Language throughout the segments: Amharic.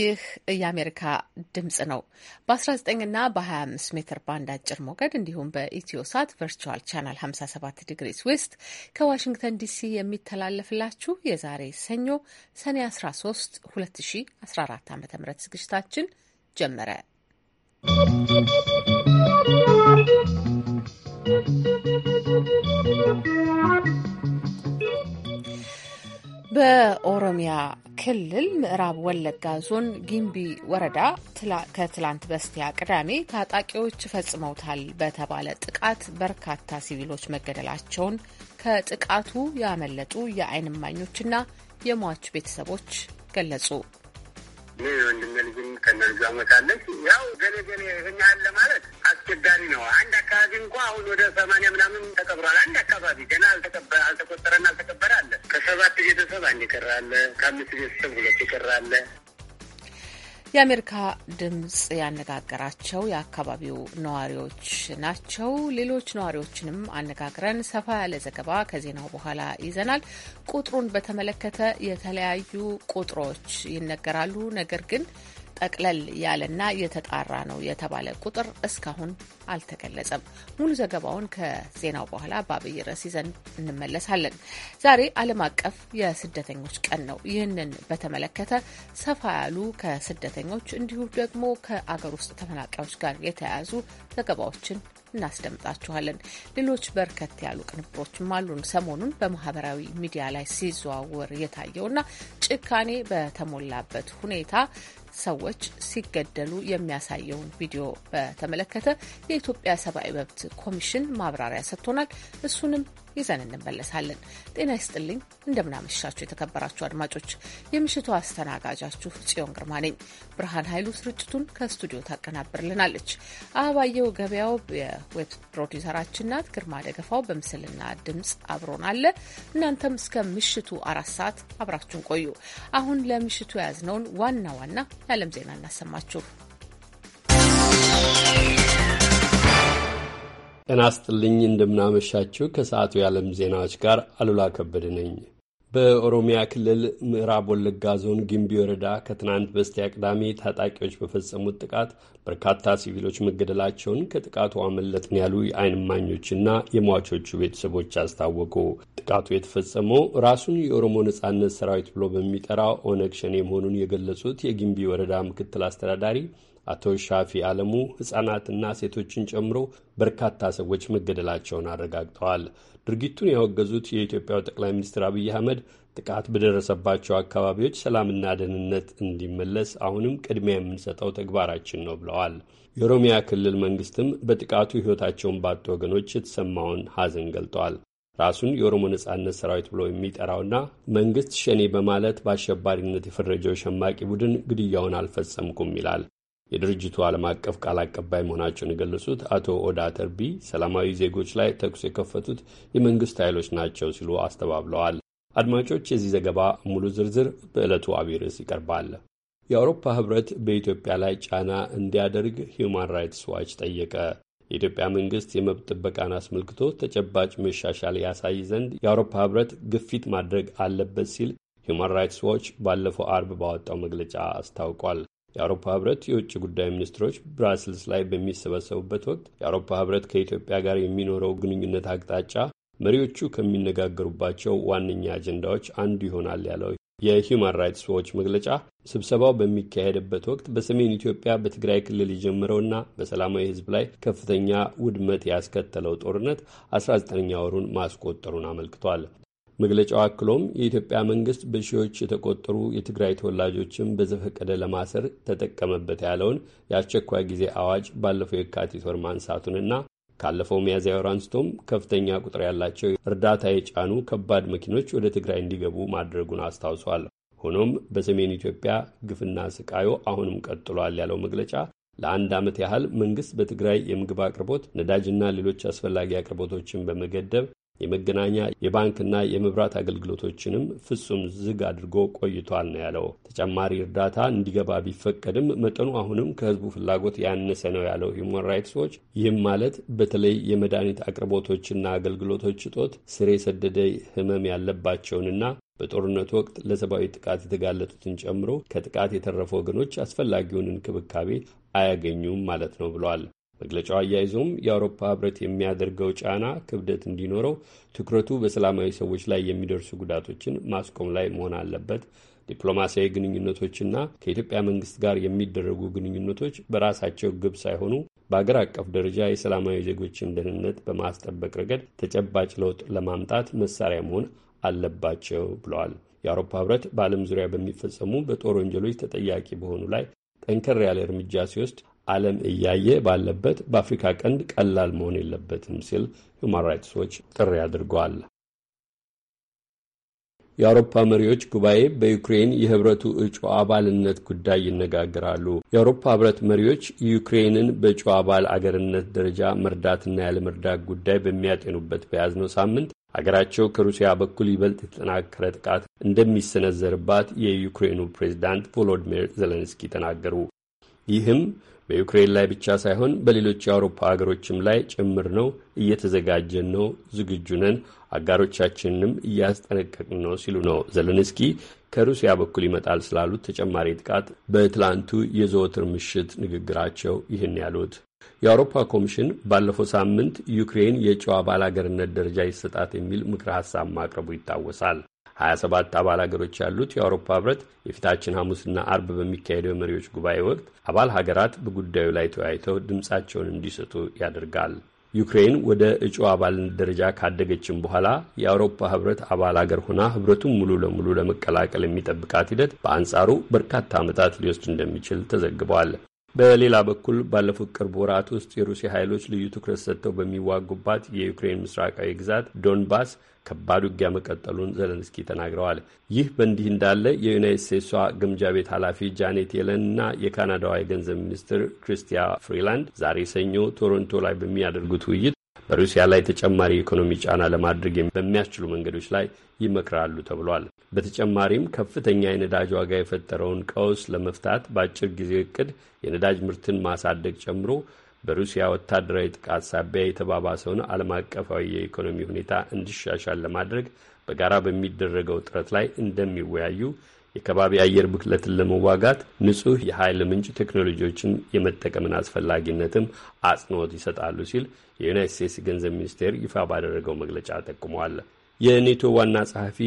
ይህ የአሜሪካ ድምጽ ነው። በ19 ና በ25 ሜትር ባንድ አጭር ሞገድ እንዲሁም በኢትዮ ሳት ቨርቹዋል ቻናል 57 ዲግሪ ስዌስት ከዋሽንግተን ዲሲ የሚተላለፍላችሁ የዛሬ ሰኞ ሰኔ 13 2014 ዓ ም ዝግጅታችን ጀመረ። ¶¶ በኦሮሚያ ክልል ምዕራብ ወለጋ ዞን ጊምቢ ወረዳ ከትላንት በስቲያ ቅዳሜ ታጣቂዎች ፈጽመውታል በተባለ ጥቃት በርካታ ሲቪሎች መገደላቸውን ከጥቃቱ ያመለጡ የዓይን እማኞችና የሟች ቤተሰቦች ገለጹ። ወንድሜ ልጅም ከነ ልጇ ያው ገሌ ገሌ ይህን ያህል ለማለት አስቸጋሪ ነው። አንድ አካባቢ እንኳ አሁን ወደ ሰማንያ ምናምን ተቀብሯል። አንድ አካባቢ ገና አልተቆጠረና አልተቀበረ አለ። ከሰባት ቤተሰብ አንድ ይቀራለ፣ ከአምስት ቤተሰብ ሁለት ይቀራለ። የአሜሪካ ድምጽ ያነጋገራቸው የአካባቢው ነዋሪዎች ናቸው። ሌሎች ነዋሪዎችንም አነጋግረን ሰፋ ያለ ዘገባ ከዜናው በኋላ ይዘናል። ቁጥሩን በተመለከተ የተለያዩ ቁጥሮች ይነገራሉ። ነገር ግን ጠቅለል ያለና የተጣራ ነው የተባለ ቁጥር እስካሁን አልተገለጸም። ሙሉ ዘገባውን ከዜናው በኋላ በአብይ ርዕስ ይዘን እንመለሳለን። ዛሬ ዓለም አቀፍ የስደተኞች ቀን ነው። ይህንን በተመለከተ ሰፋ ያሉ ከስደተኞች እንዲሁም ደግሞ ከአገር ውስጥ ተፈናቃዮች ጋር የተያያዙ ዘገባዎችን እናስደምጣችኋለን። ሌሎች በርከት ያሉ ቅንብሮችም አሉን። ሰሞኑን በማህበራዊ ሚዲያ ላይ ሲዘዋወር የታየውና ጭካኔ በተሞላበት ሁኔታ ሰዎች ሲገደሉ የሚያሳየውን ቪዲዮ በተመለከተ የኢትዮጵያ ሰብአዊ መብት ኮሚሽን ማብራሪያ ሰጥቶናል። እሱንም ይዘን እንመለሳለን። ጤና ይስጥልኝ፣ እንደምናመሻችሁ የተከበራችሁ አድማጮች፣ የምሽቱ አስተናጋጃችሁ ጽዮን ግርማ ነኝ። ብርሃን ኃይሉ ስርጭቱን ከስቱዲዮ ታቀናብርልናለች። አበባየው ገበያው የዌብ ፕሮዲውሰራችን ናት። ግርማ ደገፋው በምስልና ድምፅ አብሮን አለ። እናንተም እስከ ምሽቱ አራት ሰዓት አብራችሁን ቆዩ። አሁን ለምሽቱ የያዝነውን ዋና ዋና የዓለም ዜና እናሰማችሁ። ጤና ይስጥልኝ እንደምናመሻችሁ። ከሰዓቱ የዓለም ዜናዎች ጋር አሉላ ከበደ ነኝ። በኦሮሚያ ክልል ምዕራብ ወለጋ ዞን ግንቢ ወረዳ ከትናንት በስቲያ ቅዳሜ ታጣቂዎች በፈጸሙት ጥቃት በርካታ ሲቪሎች መገደላቸውን ከጥቃቱ አመለጥን ያሉ የዓይን እማኞችና የሟቾቹ ቤተሰቦች አስታወቁ። ጥቃቱ የተፈጸመው ራሱን የኦሮሞ ነጻነት ሰራዊት ብሎ በሚጠራው ኦነግ ሸኔ መሆኑን የገለጹት የግንቢ ወረዳ ምክትል አስተዳዳሪ አቶ ሻፊ አለሙ ሕፃናትና ሴቶችን ጨምሮ በርካታ ሰዎች መገደላቸውን አረጋግጠዋል። ድርጊቱን ያወገዙት የኢትዮጵያው ጠቅላይ ሚኒስትር አብይ አህመድ ጥቃት በደረሰባቸው አካባቢዎች ሰላምና ደህንነት እንዲመለስ አሁንም ቅድሚያ የምንሰጠው ተግባራችን ነው ብለዋል። የኦሮሚያ ክልል መንግስትም በጥቃቱ ሕይወታቸውን ባጡ ወገኖች የተሰማውን ሐዘን ገልጠዋል። ራሱን የኦሮሞ ነጻነት ሰራዊት ብሎ የሚጠራውና መንግስት ሸኔ በማለት በአሸባሪነት የፈረጀው ሸማቂ ቡድን ግድያውን አልፈጸምኩም ይላል። የድርጅቱ ዓለም አቀፍ ቃል አቀባይ መሆናቸውን የገለጹት አቶ ኦዳ ተርቢ ሰላማዊ ዜጎች ላይ ተኩስ የከፈቱት የመንግስት ኃይሎች ናቸው ሲሉ አስተባብለዋል። አድማጮች፣ የዚህ ዘገባ ሙሉ ዝርዝር በዕለቱ አብይ ርዕስ ይቀርባል። የአውሮፓ ህብረት በኢትዮጵያ ላይ ጫና እንዲያደርግ ሂውማን ራይትስ ዋች ጠየቀ። የኢትዮጵያ መንግስት የመብት ጥበቃን አስመልክቶ ተጨባጭ መሻሻል ያሳይ ዘንድ የአውሮፓ ህብረት ግፊት ማድረግ አለበት ሲል ሂውማን ራይትስ ዋች ባለፈው አርብ ባወጣው መግለጫ አስታውቋል። የአውሮፓ ህብረት የውጭ ጉዳይ ሚኒስትሮች ብራስልስ ላይ በሚሰበሰቡበት ወቅት የአውሮፓ ህብረት ከኢትዮጵያ ጋር የሚኖረው ግንኙነት አቅጣጫ መሪዎቹ ከሚነጋገሩባቸው ዋነኛ አጀንዳዎች አንዱ ይሆናል ያለው የሂውማን ራይትስ ዎች መግለጫ ስብሰባው በሚካሄድበት ወቅት በሰሜን ኢትዮጵያ በትግራይ ክልል የጀመረውና በሰላማዊ ህዝብ ላይ ከፍተኛ ውድመት ያስከተለው ጦርነት 19ኛ ወሩን ማስቆጠሩን አመልክቷል። መግለጫው አክሎም የኢትዮጵያ መንግስት በሺዎች የተቆጠሩ የትግራይ ተወላጆችን በዘፈቀደ ለማሰር ተጠቀመበት ያለውን የአስቸኳይ ጊዜ አዋጅ ባለፈው የካቲት ወር ማንሳቱንና ካለፈው ሚያዝያ ወር አንስቶም ከፍተኛ ቁጥር ያላቸው እርዳታ የጫኑ ከባድ መኪኖች ወደ ትግራይ እንዲገቡ ማድረጉን አስታውሷል። ሆኖም በሰሜን ኢትዮጵያ ግፍና ስቃዩ አሁንም ቀጥሏል ያለው መግለጫ ለአንድ ዓመት ያህል መንግስት በትግራይ የምግብ አቅርቦት፣ ነዳጅና ሌሎች አስፈላጊ አቅርቦቶችን በመገደብ የመገናኛ የባንክና የመብራት አገልግሎቶችንም ፍጹም ዝግ አድርጎ ቆይቷል ነው ያለው። ተጨማሪ እርዳታ እንዲገባ ቢፈቀድም መጠኑ አሁንም ከህዝቡ ፍላጎት ያነሰ ነው ያለው ሂውማን ራይትስ ዎች። ይህም ማለት በተለይ የመድኃኒት አቅርቦቶችና አገልግሎቶች እጦት ስር የሰደደ ህመም ያለባቸውንና በጦርነቱ ወቅት ለሰብአዊ ጥቃት የተጋለጡትን ጨምሮ ከጥቃት የተረፉ ወገኖች አስፈላጊውን እንክብካቤ አያገኙም ማለት ነው ብሏል። መግለጫው አያይዞም የአውሮፓ ህብረት የሚያደርገው ጫና ክብደት እንዲኖረው ትኩረቱ በሰላማዊ ሰዎች ላይ የሚደርሱ ጉዳቶችን ማስቆም ላይ መሆን አለበት። ዲፕሎማሲያዊ ግንኙነቶችና ከኢትዮጵያ መንግስት ጋር የሚደረጉ ግንኙነቶች በራሳቸው ግብ ሳይሆኑ በአገር አቀፍ ደረጃ የሰላማዊ ዜጎችን ደህንነት በማስጠበቅ ረገድ ተጨባጭ ለውጥ ለማምጣት መሳሪያ መሆን አለባቸው ብለዋል። የአውሮፓ ህብረት በዓለም ዙሪያ በሚፈጸሙ በጦር ወንጀሎች ተጠያቂ በሆኑ ላይ ጠንከር ያለ እርምጃ ሲወስድ ዓለም እያየ ባለበት በአፍሪካ ቀንድ ቀላል መሆን የለበትም ሲል ሁማን ራይትስ ዎች ጥሪ አድርገዋል። የአውሮፓ መሪዎች ጉባኤ በዩክሬን የህብረቱ እጩ አባልነት ጉዳይ ይነጋገራሉ። የአውሮፓ ህብረት መሪዎች ዩክሬንን በእጩ አባል አገርነት ደረጃ መርዳትና ያለመርዳት ጉዳይ በሚያጤኑበት በያዝነው ሳምንት አገራቸው ከሩሲያ በኩል ይበልጥ የተጠናከረ ጥቃት እንደሚሰነዘርባት የዩክሬኑ ፕሬዚዳንት ቮሎዲሚር ዜሌንስኪ ተናገሩ። ይህም በዩክሬን ላይ ብቻ ሳይሆን በሌሎች የአውሮፓ ሀገሮችም ላይ ጭምር ነው። እየተዘጋጀን ነው፣ ዝግጁ ነን፣ አጋሮቻችንንም እያስጠነቀቅን ነው ሲሉ ነው ዘለንስኪ ከሩሲያ በኩል ይመጣል ስላሉት ተጨማሪ ጥቃት በትላንቱ የዘወትር ምሽት ንግግራቸው ይህን ያሉት። የአውሮፓ ኮሚሽን ባለፈው ሳምንት ዩክሬን የጨዋ አባል አገርነት ደረጃ ይሰጣት የሚል ምክረ ሀሳብ ማቅረቡ ይታወሳል። 27 አባል ሀገሮች ያሉት የአውሮፓ ህብረት የፊታችን ሐሙስና አርብ በሚካሄደው የመሪዎች ጉባኤ ወቅት አባል ሀገራት በጉዳዩ ላይ ተወያይተው ድምፃቸውን እንዲሰጡ ያደርጋል። ዩክሬን ወደ እጩ አባልነት ደረጃ ካደገችም በኋላ የአውሮፓ ህብረት አባል አገር ሆና ህብረቱን ሙሉ ለሙሉ ለመቀላቀል የሚጠብቃት ሂደት በአንጻሩ በርካታ ዓመታት ሊወስድ እንደሚችል ተዘግቧል። በሌላ በኩል ባለፉት ቅርብ ወራት ውስጥ የሩሲያ ኃይሎች ልዩ ትኩረት ሰጥተው በሚዋጉባት የዩክሬን ምስራቃዊ ግዛት ዶንባስ ከባድ ውጊያ መቀጠሉን ዘለንስኪ ተናግረዋል። ይህ በእንዲህ እንዳለ የዩናይት ስቴትሷ ግምጃ ቤት ኃላፊ ጃኔት የለን እና የካናዳዋ የገንዘብ ሚኒስትር ክሪስቲያ ፍሪላንድ ዛሬ ሰኞ ቶሮንቶ ላይ በሚያደርጉት ውይይት በሩሲያ ላይ ተጨማሪ የኢኮኖሚ ጫና ለማድረግ በሚያስችሉ መንገዶች ላይ ይመክራሉ ተብሏል። በተጨማሪም ከፍተኛ የነዳጅ ዋጋ የፈጠረውን ቀውስ ለመፍታት በአጭር ጊዜ እቅድ የነዳጅ ምርትን ማሳደግ ጨምሮ በሩሲያ ወታደራዊ ጥቃት ሳቢያ የተባባሰውን ዓለም አቀፋዊ የኢኮኖሚ ሁኔታ እንዲሻሻል ለማድረግ በጋራ በሚደረገው ጥረት ላይ እንደሚወያዩ የከባቢ አየር ብክለትን ለመዋጋት ንጹህ የኃይል ምንጭ ቴክኖሎጂዎችን የመጠቀምን አስፈላጊነትም አጽንኦት ይሰጣሉ ሲል የዩናይት ስቴትስ ገንዘብ ሚኒስቴር ይፋ ባደረገው መግለጫ ጠቁመዋል። የኔቶ ዋና ጸሐፊ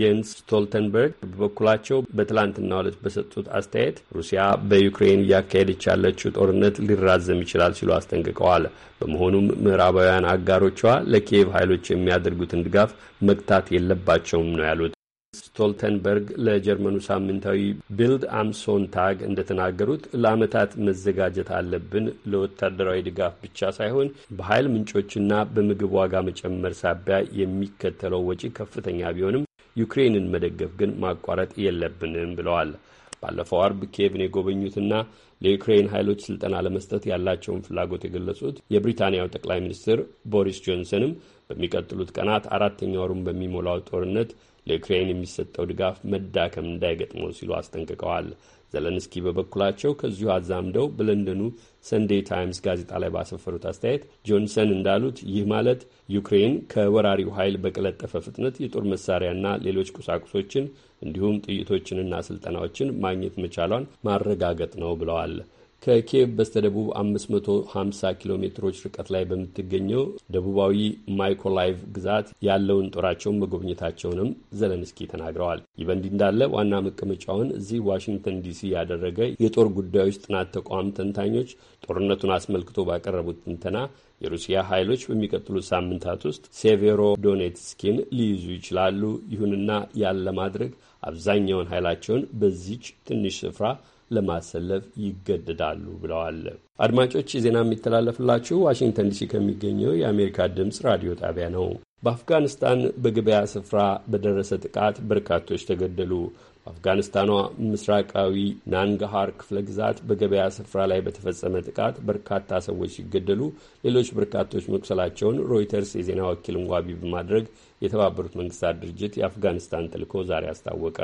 የንስ ስቶልተንበርግ በበኩላቸው በትላንትናው ዕለት በሰጡት አስተያየት ሩሲያ በዩክሬን እያካሄደች ያለችው ጦርነት ሊራዘም ይችላል ሲሉ አስጠንቅቀዋል። በመሆኑም ምዕራባውያን አጋሮቿ ለኪየቭ ኃይሎች የሚያደርጉትን ድጋፍ መግታት የለባቸውም ነው ያሉት። ስቶልተንበርግ ለጀርመኑ ሳምንታዊ ቢልድ አምሶን ታግ እንደተናገሩት ለአመታት መዘጋጀት አለብን። ለወታደራዊ ድጋፍ ብቻ ሳይሆን በኃይል ምንጮችና በምግብ ዋጋ መጨመር ሳቢያ የሚከተለው ወጪ ከፍተኛ ቢሆንም ዩክሬንን መደገፍ ግን ማቋረጥ የለብንም ብለዋል። ባለፈው አርብ ኪየቭን የጎበኙትና ለዩክሬን ኃይሎች ስልጠና ለመስጠት ያላቸውን ፍላጎት የገለጹት የብሪታንያው ጠቅላይ ሚኒስትር ቦሪስ ጆንሰንም በሚቀጥሉት ቀናት አራተኛ ወሩን በሚሞላው ጦርነት ለዩክሬን የሚሰጠው ድጋፍ መዳከም እንዳይገጥመው ሲሉ አስጠንቅቀዋል። ዘለንስኪ በበኩላቸው ከዚሁ አዛምደው በለንደኑ ሰንዴ ታይምስ ጋዜጣ ላይ ባሰፈሩት አስተያየት ጆንሰን እንዳሉት ይህ ማለት ዩክሬን ከወራሪው ኃይል በቀለጠፈ ፍጥነት የጦር መሳሪያና ሌሎች ቁሳቁሶችን እንዲሁም ጥይቶችንና ስልጠናዎችን ማግኘት መቻሏን ማረጋገጥ ነው ብለዋል። ከኪየቭ በስተደቡብ 550 ኪሎ ሜትሮች ርቀት ላይ በምትገኘው ደቡባዊ ማይኮላይቭ ግዛት ያለውን ጦራቸውን መጎብኘታቸውንም ዘለንስኪ ተናግረዋል። ይህ በእንዲህ እንዳለ ዋና መቀመጫውን እዚህ ዋሽንግተን ዲሲ ያደረገ የጦር ጉዳዮች ጥናት ተቋም ተንታኞች ጦርነቱን አስመልክቶ ባቀረቡት ትንተና የሩሲያ ኃይሎች በሚቀጥሉት ሳምንታት ውስጥ ሴቬሮ ዶኔትስኪን ሊይዙ ይችላሉ። ይሁንና ያለ ማድረግ አብዛኛውን ኃይላቸውን በዚች ትንሽ ስፍራ ለማሰለፍ ይገደዳሉ ብለዋል። አድማጮች ዜና የሚተላለፍላችሁ ዋሽንግተን ዲሲ ከሚገኘው የአሜሪካ ድምፅ ራዲዮ ጣቢያ ነው። በአፍጋኒስታን በገበያ ስፍራ በደረሰ ጥቃት በርካቶች ተገደሉ። በአፍጋኒስታኗ ምስራቃዊ ናንጋሃር ክፍለ ግዛት በገበያ ስፍራ ላይ በተፈጸመ ጥቃት በርካታ ሰዎች ሲገደሉ ሌሎች በርካቶች መቁሰላቸውን ሮይተርስ የዜና ወኪልን ዋቢ በማድረግ የተባበሩት መንግስታት ድርጅት የአፍጋኒስታን ተልዕኮ ዛሬ አስታወቀ።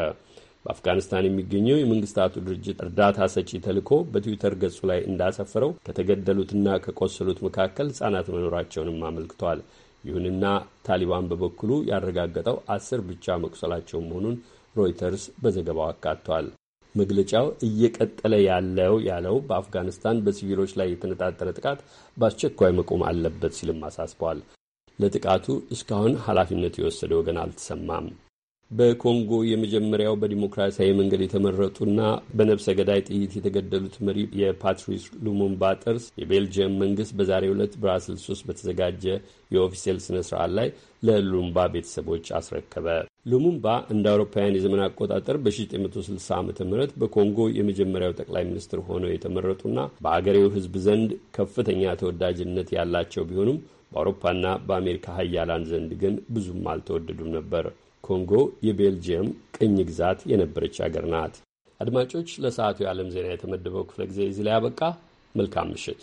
በአፍጋኒስታን የሚገኘው የመንግስታቱ ድርጅት እርዳታ ሰጪ ተልኮ በትዊተር ገጹ ላይ እንዳሰፈረው ከተገደሉትና ከቆሰሉት መካከል ህጻናት መኖራቸውንም አመልክቷል። ይሁንና ታሊባን በበኩሉ ያረጋገጠው አስር ብቻ መቁሰላቸው መሆኑን ሮይተርስ በዘገባው አካቷል። መግለጫው እየቀጠለ ያለው ያለው በአፍጋኒስታን በሲቪሎች ላይ የተነጣጠረ ጥቃት በአስቸኳይ መቆም አለበት ሲልም አሳስበዋል። ለጥቃቱ እስካሁን ኃላፊነት የወሰደ ወገን አልተሰማም። በኮንጎ የመጀመሪያው በዲሞክራሲያዊ መንገድ የተመረጡና በነብሰ ገዳይ ጥይት የተገደሉት መሪ የፓትሪስ ሉሙምባ ጥርስ የቤልጅየም መንግስት በዛሬው ዕለት ብራስልስ ውስጥ በተዘጋጀ የኦፊሴል ስነ ስርዓት ላይ ለሉሙምባ ቤተሰቦች አስረከበ። ሉሙምባ እንደ አውሮፓውያን የዘመን አቆጣጠር በ1960 ዓ ም በኮንጎ የመጀመሪያው ጠቅላይ ሚኒስትር ሆነው የተመረጡና በአገሬው ህዝብ ዘንድ ከፍተኛ ተወዳጅነት ያላቸው ቢሆኑም በአውሮፓና በአሜሪካ ሀያላን ዘንድ ግን ብዙም አልተወደዱም ነበር። ኮንጎ የቤልጅየም ቅኝ ግዛት የነበረች አገር ናት። አድማጮች፣ ለሰዓቱ የዓለም ዜና የተመደበው ክፍለ ጊዜ እዚህ ላይ ያበቃ። መልካም ምሽት።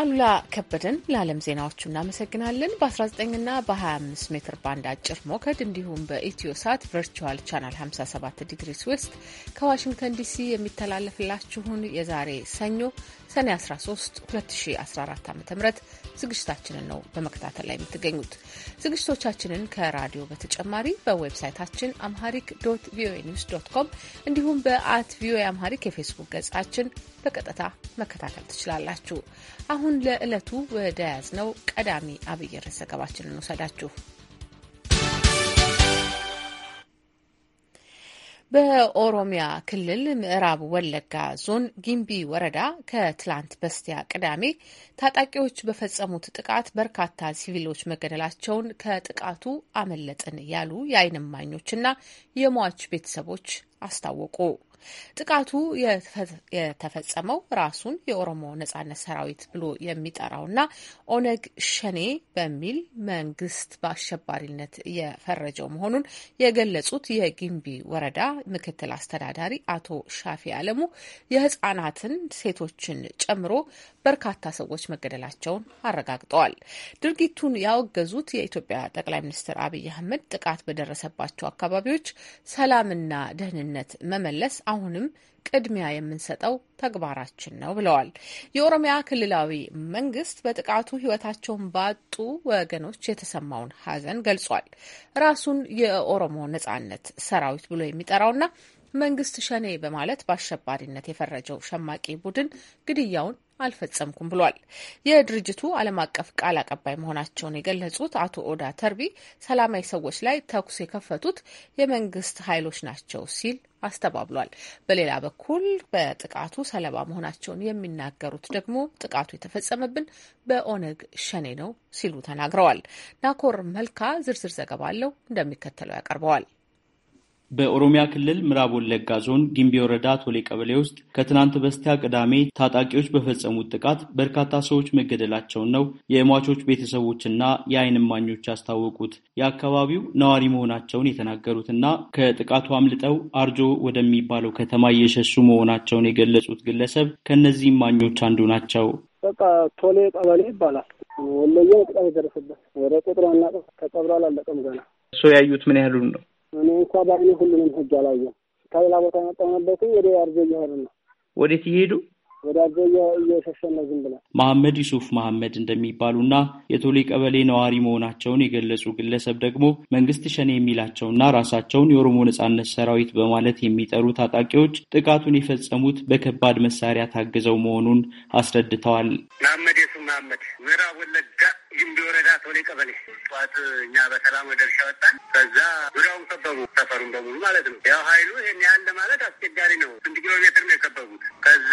አሉላ ከበደን ለዓለም ዜናዎቹ እናመሰግናለን። በ19ና በ25 ሜትር ባንድ አጭር ሞገድ እንዲሁም በኢትዮ ሳት ቨርቹዋል ቻናል 57 ዲግሪስ ዌስት ከዋሽንግተን ዲሲ የሚተላለፍላችሁን የዛሬ ሰኞ ሰኔ 13 2014 ዓ ም ዝግጅታችንን ነው በመከታተል ላይ የምትገኙት። ዝግጅቶቻችንን ከራዲዮ በተጨማሪ በዌብሳይታችን አምሃሪክ ዶት ቪኦኤ ኒውስ ዶት ኮም እንዲሁም በአት ቪኦኤ አምሃሪክ የፌስቡክ ገጻችን በቀጥታ መከታተል ትችላላችሁ። አሁን አሁን ለዕለቱ ወደ ያዝነው ቀዳሚ አብይ ርዕስ ዘገባችንን ውሰዳችሁ። በኦሮሚያ ክልል ምዕራብ ወለጋ ዞን ጊምቢ ወረዳ ከትላንት በስቲያ ቅዳሜ ታጣቂዎች በፈጸሙት ጥቃት በርካታ ሲቪሎች መገደላቸውን ከጥቃቱ አመለጥን ያሉ የዓይን እማኞችና የሟች ቤተሰቦች አስታወቁ። ጥቃቱ የተፈጸመው ራሱን የኦሮሞ ነጻነት ሰራዊት ብሎ የሚጠራውና ኦነግ ሸኔ በሚል መንግስት በአሸባሪነት የፈረጀው መሆኑን የገለጹት የጊምቢ ወረዳ ምክትል አስተዳዳሪ አቶ ሻፊ አለሙ የህጻናትን ሴቶችን ጨምሮ በርካታ ሰዎች መገደላቸውን አረጋግጠዋል። ድርጊቱን ያወገዙት የኢትዮጵያ ጠቅላይ ሚኒስትር አብይ አህመድ ጥቃት በደረሰባቸው አካባቢዎች ሰላምና ደህንነት መመለስ አሁንም ቅድሚያ የምንሰጠው ተግባራችን ነው ብለዋል። የኦሮሚያ ክልላዊ መንግስት በጥቃቱ ሕይወታቸውን ባጡ ወገኖች የተሰማውን ሐዘን ገልጿል። ራሱን የኦሮሞ ነጻነት ሰራዊት ብሎ የሚጠራውና መንግስት ሸኔ በማለት በአሸባሪነት የፈረጀው ሸማቂ ቡድን ግድያውን አልፈጸምኩም ብሏል። የድርጅቱ ዓለም አቀፍ ቃል አቀባይ መሆናቸውን የገለጹት አቶ ኦዳ ተርቢ ሰላማዊ ሰዎች ላይ ተኩስ የከፈቱት የመንግስት ኃይሎች ናቸው ሲል አስተባብሏል። በሌላ በኩል በጥቃቱ ሰለባ መሆናቸውን የሚናገሩት ደግሞ ጥቃቱ የተፈጸመብን በኦነግ ሸኔ ነው ሲሉ ተናግረዋል። ናኮር መልካ ዝርዝር ዘገባ አለው እንደሚከተለው ያቀርበዋል። በኦሮሚያ ክልል ምዕራብ ወለጋ ዞን ጊምቢ ወረዳ ቶሌ ቀበሌ ውስጥ ከትናንት በስቲያ ቅዳሜ ታጣቂዎች በፈጸሙት ጥቃት በርካታ ሰዎች መገደላቸውን ነው የሟቾች ቤተሰቦችና የአይን እማኞች ያስታወቁት። የአካባቢው ነዋሪ መሆናቸውን የተናገሩትና ከጥቃቱ አምልጠው አርጆ ወደሚባለው ከተማ እየሸሹ መሆናቸውን የገለጹት ግለሰብ ከእነዚህ እማኞች አንዱ ናቸው። በቃ ቶሌ ቀበሌ ይባላል። ወለየ ጥቃት የደረሰበት ወደ ቁጥሩ አናውቅም። ተቀብሮ አላለቀም ገና። እሱ ያዩት ምን ያህሉን ነው? እኔ እንኳ በአይኔ ሁሉንም ህግ አላየም። ከሌላ ቦታ የመጣሁበት ወደ አርጆ እየሄዱ ነው። ወዴት እየሄዱ? ወደ አርጆ እየሸሸ ነው ዝም ብለን። መሐመድ ዩሱፍ መሐመድ እንደሚባሉና የቶሌ ቀበሌ ነዋሪ መሆናቸውን የገለጹ ግለሰብ ደግሞ መንግስት ሸኔ የሚላቸውና ራሳቸውን የኦሮሞ ነጻነት ሰራዊት በማለት የሚጠሩ ታጣቂዎች ጥቃቱን የፈጸሙት በከባድ መሳሪያ ታግዘው መሆኑን አስረድተዋል። መሐመድ ዩሱፍ መሐመድ ምዕራብ ወለጋ ግንቢ ወረዳ ቶሌ ቀበሌ ጠዋት እኛ በሰላም ወደ እርሻ ወጣን። ከዛ ዙሪያውን ከበቡ፣ ሰፈሩን በሙሉ ማለት ነው። ያው ሀይሉ ይሄን ያህል ለማለት አስቸጋሪ ነው። ስንት ኪሎ ሜትር ነው የከበቡት? ከዛ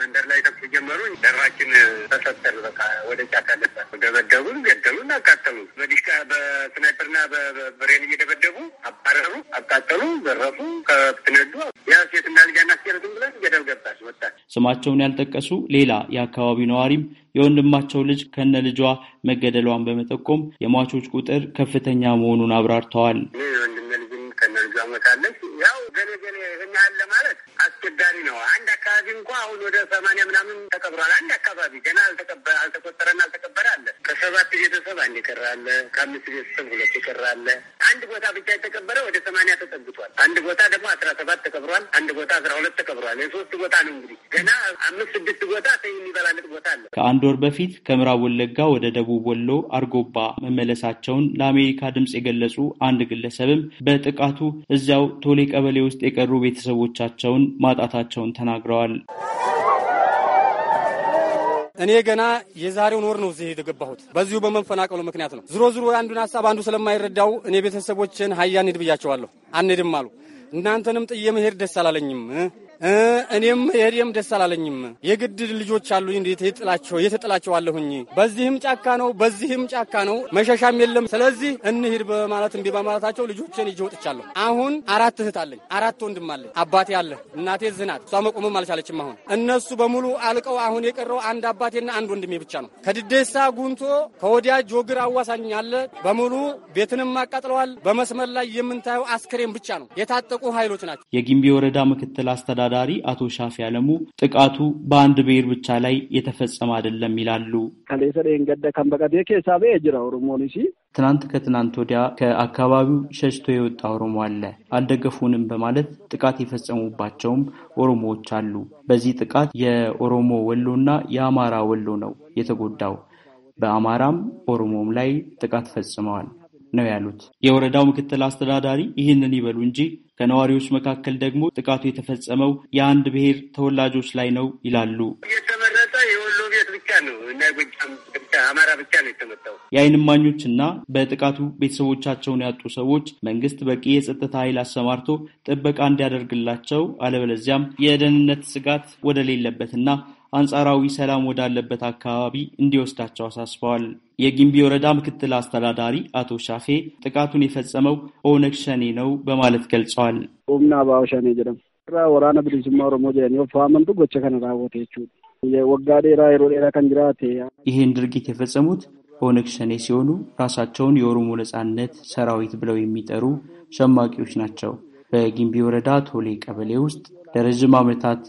መንደር ላይ ተኩስ ጀመሩ። ደራችን ተሰተር በቃ ወደ ጫካ ለባ ደበደቡን፣ ገደሉን፣ አቃጠሉ። በዲሽቃ በስናይፐርና በብሬን እየደበደቡ አባረሩ፣ አቃጠሉ፣ ዘረፉ፣ ከብትነዱ ያ ሴትና ልጅ አናስጨርትም ብለን ገደብ ገባች ወጣች። ስማቸውን ያልጠቀሱ ሌላ የአካባቢው ነዋሪም የወንድማቸው ልጅ ከነ ልጇ መገደሏን በመጠቆም የሟቾች ቁጥር ከፍተኛ መሆኑን አብራርተዋል። ሞታለች። ያው አስቸጋሪ ነው። አንድ አካባቢ እንኳ አሁን ወደ ሰማንያ ምናምን ተቀብሯል። አንድ አካባቢ ገና አልተቆጠረና አልተቀበረ አለ። ከሰባት ቤተሰብ አንድ ይቀራለ፣ ከአምስት ቤተሰብ ሁለት ይቀራለ፣ አንድ ቦታ ብቻ የተቀበረ ወደ ሰማንያ ተጠግቷል። አንድ ቦታ ደግሞ አስራ ሰባት ተቀብሯል። አንድ ቦታ አስራ ሁለት ተቀብሯል። የሶስት ቦታ ነው እንግዲህ ገና አምስት ስድስት ቦታ ሰ የሚበላልቅ ቦታ አለ። ከአንድ ወር በፊት ከምዕራብ ወለጋ ወደ ደቡብ ወሎ አርጎባ መመለሳቸውን ለአሜሪካ ድምፅ የገለጹ አንድ ግለሰብም በጥቃቱ እዚያው ቶሌ ቀበሌ ውስጥ የቀሩ ቤተሰቦቻቸውን ማጣታቸውን ተናግረዋል። እኔ ገና የዛሬውን ወር ነው እዚህ የተገባሁት በዚሁ በመፈናቀሉ ምክንያት ነው። ዝሮ ዝሮ አንዱን ሀሳብ አንዱ ስለማይረዳው እኔ ቤተሰቦችን ሀያ እንሂድ ብያቸዋለሁ። አንሄድም አሉ። እናንተንም ጥዬ መሄድ ደስ አላለኝም እኔም የሄድም ደስ አላለኝም። የግድ ልጆች አሉ የተጥላቸው የተጥላቸው አለሁኝ። በዚህም ጫካ ነው፣ በዚህም ጫካ ነው፣ መሸሻም የለም። ስለዚህ እንሂድ በማለት እምቢ በማለታቸው ልጆችን ይዤ ወጥቻለሁ። አሁን አራት እህት አለኝ፣ አራት ወንድም አለኝ፣ አባቴ አለ፣ እናቴ ዝናት እሷ መቆምም አልቻለችም። አሁን እነሱ በሙሉ አልቀው አሁን የቀረው አንድ አባቴና አንድ ወንድሜ ብቻ ነው። ከድዴሳ ጉንቶ ከወዲያ ጆግር አዋሳኝ አለ በሙሉ ቤትንም አቃጥለዋል። በመስመር ላይ የምንታየው አስክሬን ብቻ ነው። የታጠቁ ኃይሎች ናቸው። የጊምቢ ወረዳ ምክትል አስተዳደ አስተዳዳሪ አቶ ሻፊ አለሙ ጥቃቱ በአንድ ብሔር ብቻ ላይ የተፈጸመ አይደለም ይላሉ። ትናንት ከትናንት ወዲያ ከአካባቢው ሸሽቶ የወጣ ኦሮሞ አለ፣ አልደገፉንም በማለት ጥቃት የፈጸሙባቸውም ኦሮሞዎች አሉ። በዚህ ጥቃት የኦሮሞ ወሎና የአማራ ወሎ ነው የተጎዳው። በአማራም ኦሮሞም ላይ ጥቃት ፈጽመዋል። ነው ያሉት። የወረዳው ምክትል አስተዳዳሪ ይህንን ይበሉ እንጂ ከነዋሪዎች መካከል ደግሞ ጥቃቱ የተፈጸመው የአንድ ብሔር ተወላጆች ላይ ነው ይላሉ። የተመረጠ የወሎ ቤት ብቻ ነው እና የጎጃም አማራ ብቻ ነው የተመጣው። የአይን እማኞች እና በጥቃቱ ቤተሰቦቻቸውን ያጡ ሰዎች መንግስት በቂ የጸጥታ ኃይል አሰማርቶ ጥበቃ እንዲያደርግላቸው አለበለዚያም የደህንነት ስጋት ወደሌለበትና አንጻራዊ ሰላም ወዳለበት አካባቢ እንዲወስዳቸው አሳስበዋል። የጊምቢ ወረዳ ምክትል አስተዳዳሪ አቶ ሻፌ ጥቃቱን የፈጸመው ኦነግ ሸኔ ነው በማለት ገልጸዋል። ኦምና ባው ሸኔ ጀደም ወራነ ብሊሱማ ኦሮሞ ጀኒ ፋመንቱ ጎቸ ከነ ይህን ድርጊት የፈጸሙት ኦነግ ሸኔ ሲሆኑ ራሳቸውን የኦሮሞ ነጻነት ሰራዊት ብለው የሚጠሩ ሸማቂዎች ናቸው። በጊምቢ ወረዳ ቶሌ ቀበሌ ውስጥ ለረዥም ዓመታት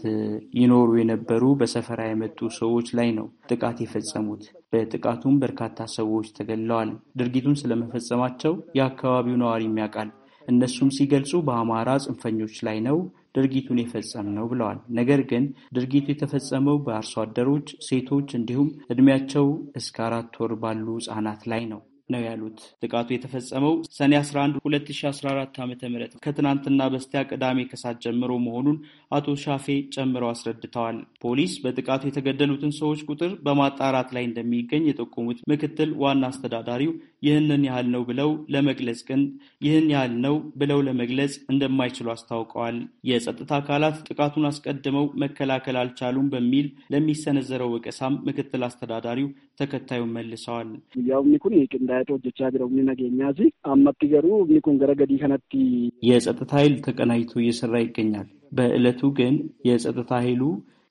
ይኖሩ የነበሩ በሰፈራ የመጡ ሰዎች ላይ ነው ጥቃት የፈጸሙት። በጥቃቱም በርካታ ሰዎች ተገልለዋል። ድርጊቱን ስለመፈጸማቸው የአካባቢው ነዋሪ የሚያውቃል። እነሱም ሲገልጹ በአማራ ጽንፈኞች ላይ ነው ድርጊቱን የፈጸም ነው ብለዋል። ነገር ግን ድርጊቱ የተፈጸመው በአርሶ አደሮች፣ ሴቶች እንዲሁም እድሜያቸው እስከ አራት ወር ባሉ ህጻናት ላይ ነው። ነው ያሉት። ጥቃቱ የተፈጸመው ሰኔ 11 2014 ዓ ም ከትናንትና በስቲያ ቅዳሜ ከሳት ጀምሮ መሆኑን አቶ ሻፌ ጨምረው አስረድተዋል። ፖሊስ በጥቃቱ የተገደሉትን ሰዎች ቁጥር በማጣራት ላይ እንደሚገኝ የጠቆሙት ምክትል ዋና አስተዳዳሪው ይህንን ያህል ነው ብለው ለመግለጽ ግን ይህን ያህል ነው ብለው ለመግለጽ እንደማይችሉ አስታውቀዋል። የጸጥታ አካላት ጥቃቱን አስቀድመው መከላከል አልቻሉም በሚል ለሚሰነዘረው ወቀሳም ምክትል አስተዳዳሪው ተከታዩን መልሰዋል። ያው ሚኩን baay'ee hojjechaa jira humni nageenyaas ammatti garuu humni kun gara gadii የጸጥታ ኃይል ተቀናጅቶ እየሰራ ይገኛል። በእለቱ ግን የጸጥታ ኃይሉ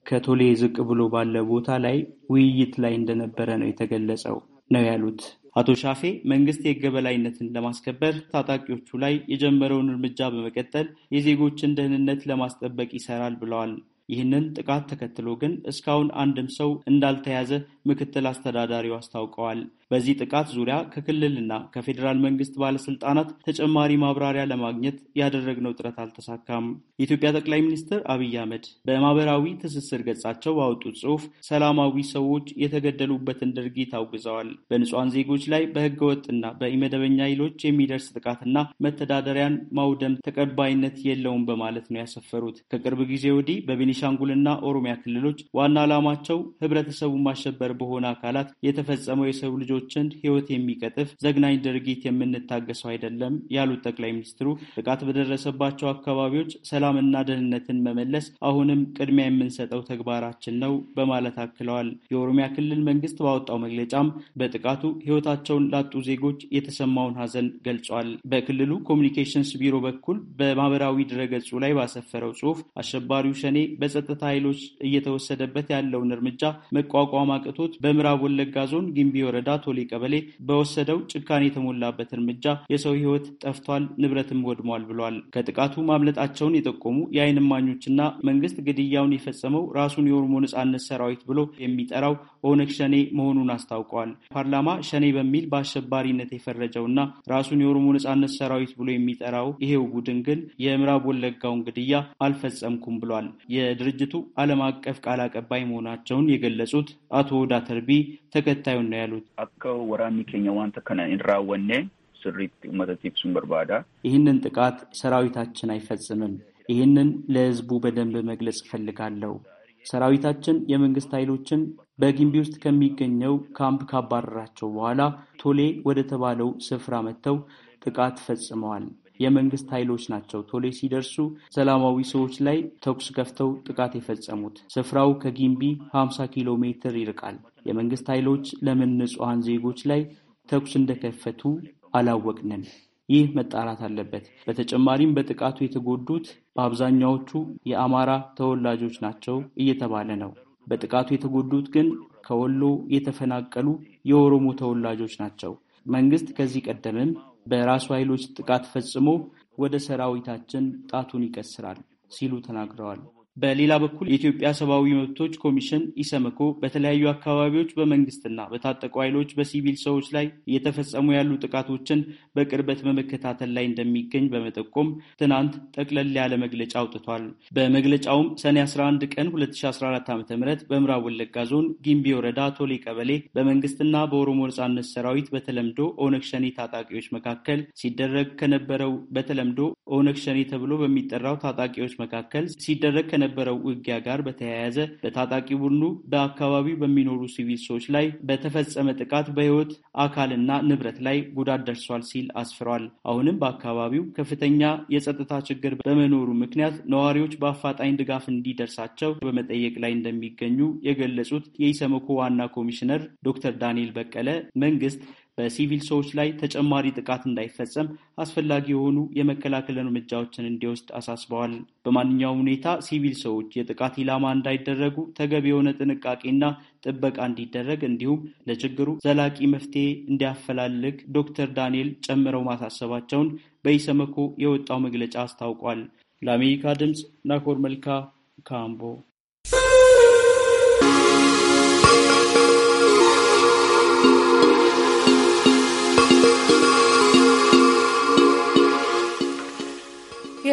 ከቶሌ ዝቅ ብሎ ባለ ቦታ ላይ ውይይት ላይ እንደነበረ ነው የተገለጸው ነው ያሉት አቶ ሻፌ። መንግስት የሕግ ለማስከበር ታጣቂዎቹ ላይ የጀመረውን እርምጃ በመቀጠል የዜጎችን ደህንነት ለማስጠበቅ ይሰራል ብለዋል። ይህንን ጥቃት ተከትሎ ግን እስካሁን አንድም ሰው እንዳልተያዘ ምክትል አስተዳዳሪው አስታውቀዋል። በዚህ ጥቃት ዙሪያ ከክልልና ከፌዴራል መንግስት ባለስልጣናት ተጨማሪ ማብራሪያ ለማግኘት ያደረግነው ጥረት አልተሳካም። የኢትዮጵያ ጠቅላይ ሚኒስትር አብይ አህመድ በማህበራዊ ትስስር ገጻቸው ባወጡት ጽሁፍ ሰላማዊ ሰዎች የተገደሉበትን ድርጊት አውግዘዋል። በንጹሐን ዜጎች ላይ በህገወጥና በኢመደበኛ ኃይሎች የሚደርስ ጥቃትና መተዳደሪያን ማውደም ተቀባይነት የለውም በማለት ነው ያሰፈሩት። ከቅርብ ጊዜ ወዲህ በቤኒሻንጉልና ኦሮሚያ ክልሎች ዋና ዓላማቸው ህብረተሰቡን ማሸበር በሆነ አካላት የተፈጸመው የሰው ልጆች የዜጎችን ሕይወት የሚቀጥፍ ዘግናኝ ድርጊት የምንታገሰው አይደለም ያሉት ጠቅላይ ሚኒስትሩ ጥቃት በደረሰባቸው አካባቢዎች ሰላምና ደህንነትን መመለስ አሁንም ቅድሚያ የምንሰጠው ተግባራችን ነው በማለት አክለዋል። የኦሮሚያ ክልል መንግስት ባወጣው መግለጫም በጥቃቱ ሕይወታቸውን ላጡ ዜጎች የተሰማውን ሐዘን ገልጿል። በክልሉ ኮሚኒኬሽንስ ቢሮ በኩል በማህበራዊ ድረገጹ ላይ ባሰፈረው ጽሑፍ አሸባሪው ሸኔ በጸጥታ ኃይሎች እየተወሰደበት ያለውን እርምጃ መቋቋም አቅቶት በምዕራብ ወለጋ ዞን ጊምቢ ወረዳ ቶሌ ቀበሌ በወሰደው ጭካኔ የተሞላበት እርምጃ የሰው ህይወት ጠፍቷል፣ ንብረትም ወድሟል ብሏል። ከጥቃቱ ማምለጣቸውን የጠቆሙ የአይን እማኞችና መንግስት ግድያውን የፈጸመው ራሱን የኦሮሞ ነጻነት ሰራዊት ብሎ የሚጠራው ኦነግ ሸኔ መሆኑን አስታውቀዋል። ፓርላማ ሸኔ በሚል በአሸባሪነት የፈረጀው እና ራሱን የኦሮሞ ነጻነት ሰራዊት ብሎ የሚጠራው ይሄው ቡድን ግን የምዕራብ ወለጋውን ግድያ አልፈጸምኩም ብሏል። የድርጅቱ ዓለም አቀፍ ቃል አቀባይ መሆናቸውን የገለጹት አቶ ወዳ ተርቢ ተከታዩን ነው ያሉት። አከ ወራሚ ኬኛ ዋንተ ከነ ኢንራወኔ ስሪት መተቲብሱን በርባዳ ይህንን ጥቃት ሰራዊታችን አይፈጽምም። ይህንን ለህዝቡ በደንብ መግለጽ እፈልጋለሁ። ሰራዊታችን የመንግስት ኃይሎችን በጊምቢ ውስጥ ከሚገኘው ካምፕ ካባረራቸው በኋላ ቶሌ ወደ ተባለው ስፍራ መጥተው ጥቃት ፈጽመዋል። የመንግስት ኃይሎች ናቸው ቶሌ ሲደርሱ ሰላማዊ ሰዎች ላይ ተኩስ ከፍተው ጥቃት የፈጸሙት። ስፍራው ከጊምቢ 50 ኪሎ ሜትር ይርቃል። የመንግስት ኃይሎች ለምን ንጹሐን ዜጎች ላይ ተኩስ እንደከፈቱ አላወቅንም። ይህ መጣራት አለበት። በተጨማሪም በጥቃቱ የተጎዱት በአብዛኛዎቹ የአማራ ተወላጆች ናቸው እየተባለ ነው። በጥቃቱ የተጎዱት ግን ከወሎ የተፈናቀሉ የኦሮሞ ተወላጆች ናቸው። መንግስት ከዚህ ቀደምም በራሱ ኃይሎች ጥቃት ፈጽሞ ወደ ሰራዊታችን ጣቱን ይቀስራል ሲሉ ተናግረዋል። በሌላ በኩል የኢትዮጵያ ሰብአዊ መብቶች ኮሚሽን ኢሰመኮ በተለያዩ አካባቢዎች በመንግስትና በታጠቁ ኃይሎች በሲቪል ሰዎች ላይ እየተፈጸሙ ያሉ ጥቃቶችን በቅርበት በመከታተል ላይ እንደሚገኝ በመጠቆም ትናንት ጠቅለል ያለ መግለጫ አውጥቷል። በመግለጫውም ሰኔ 11 ቀን 2014 ዓ ም በምዕራብ ወለጋ ዞን ጊምቢ ወረዳ ቶሌ ቀበሌ በመንግስትና በኦሮሞ ነጻነት ሰራዊት በተለምዶ ኦነግ ሸኔ ታጣቂዎች መካከል ሲደረግ ከነበረው በተለምዶ ኦነግ ሸኔ ተብሎ በሚጠራው ታጣቂዎች መካከል ሲደረግ ከነበረው ውጊያ ጋር በተያያዘ በታጣቂ ቡድኑ በአካባቢው በሚኖሩ ሲቪል ሰዎች ላይ በተፈጸመ ጥቃት በሕይወት አካልና ንብረት ላይ ጉዳት ደርሷል ሲል አስፍሯል። አሁንም በአካባቢው ከፍተኛ የጸጥታ ችግር በመኖሩ ምክንያት ነዋሪዎች በአፋጣኝ ድጋፍ እንዲደርሳቸው በመጠየቅ ላይ እንደሚገኙ የገለጹት የኢሰመኮ ዋና ኮሚሽነር ዶክተር ዳንኤል በቀለ መንግስት በሲቪል ሰዎች ላይ ተጨማሪ ጥቃት እንዳይፈጸም አስፈላጊ የሆኑ የመከላከል እርምጃዎችን እንዲወስድ አሳስበዋል። በማንኛውም ሁኔታ ሲቪል ሰዎች የጥቃት ኢላማ እንዳይደረጉ ተገቢ የሆነ ጥንቃቄና ጥበቃ እንዲደረግ እንዲሁም ለችግሩ ዘላቂ መፍትሄ እንዲያፈላልግ ዶክተር ዳንኤል ጨምረው ማሳሰባቸውን በኢሰመኮ የወጣው መግለጫ አስታውቋል። ለአሜሪካ ድምፅ ናኮር መልካ ካምቦ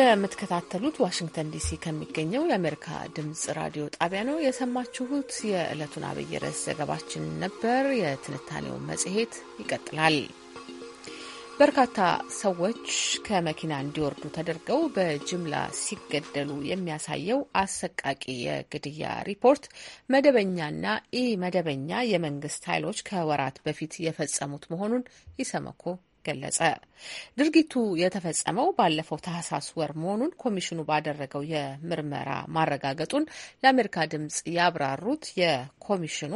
የምትከታተሉት ዋሽንግተን ዲሲ ከሚገኘው የአሜሪካ ድምጽ ራዲዮ ጣቢያ ነው። የሰማችሁት የዕለቱን አብይ ርዕስ ዘገባችን ነበር። የትንታኔው መጽሔት ይቀጥላል። በርካታ ሰዎች ከመኪና እንዲወርዱ ተደርገው በጅምላ ሲገደሉ የሚያሳየው አሰቃቂ የግድያ ሪፖርት መደበኛና ኢ መደበኛ የመንግስት ኃይሎች ከወራት በፊት የፈጸሙት መሆኑን ኢሰመኮ ገለጸ። ድርጊቱ የተፈጸመው ባለፈው ታህሳስ ወር መሆኑን ኮሚሽኑ ባደረገው የምርመራ ማረጋገጡን ለአሜሪካ ድምጽ ያብራሩት የኮሚሽኑ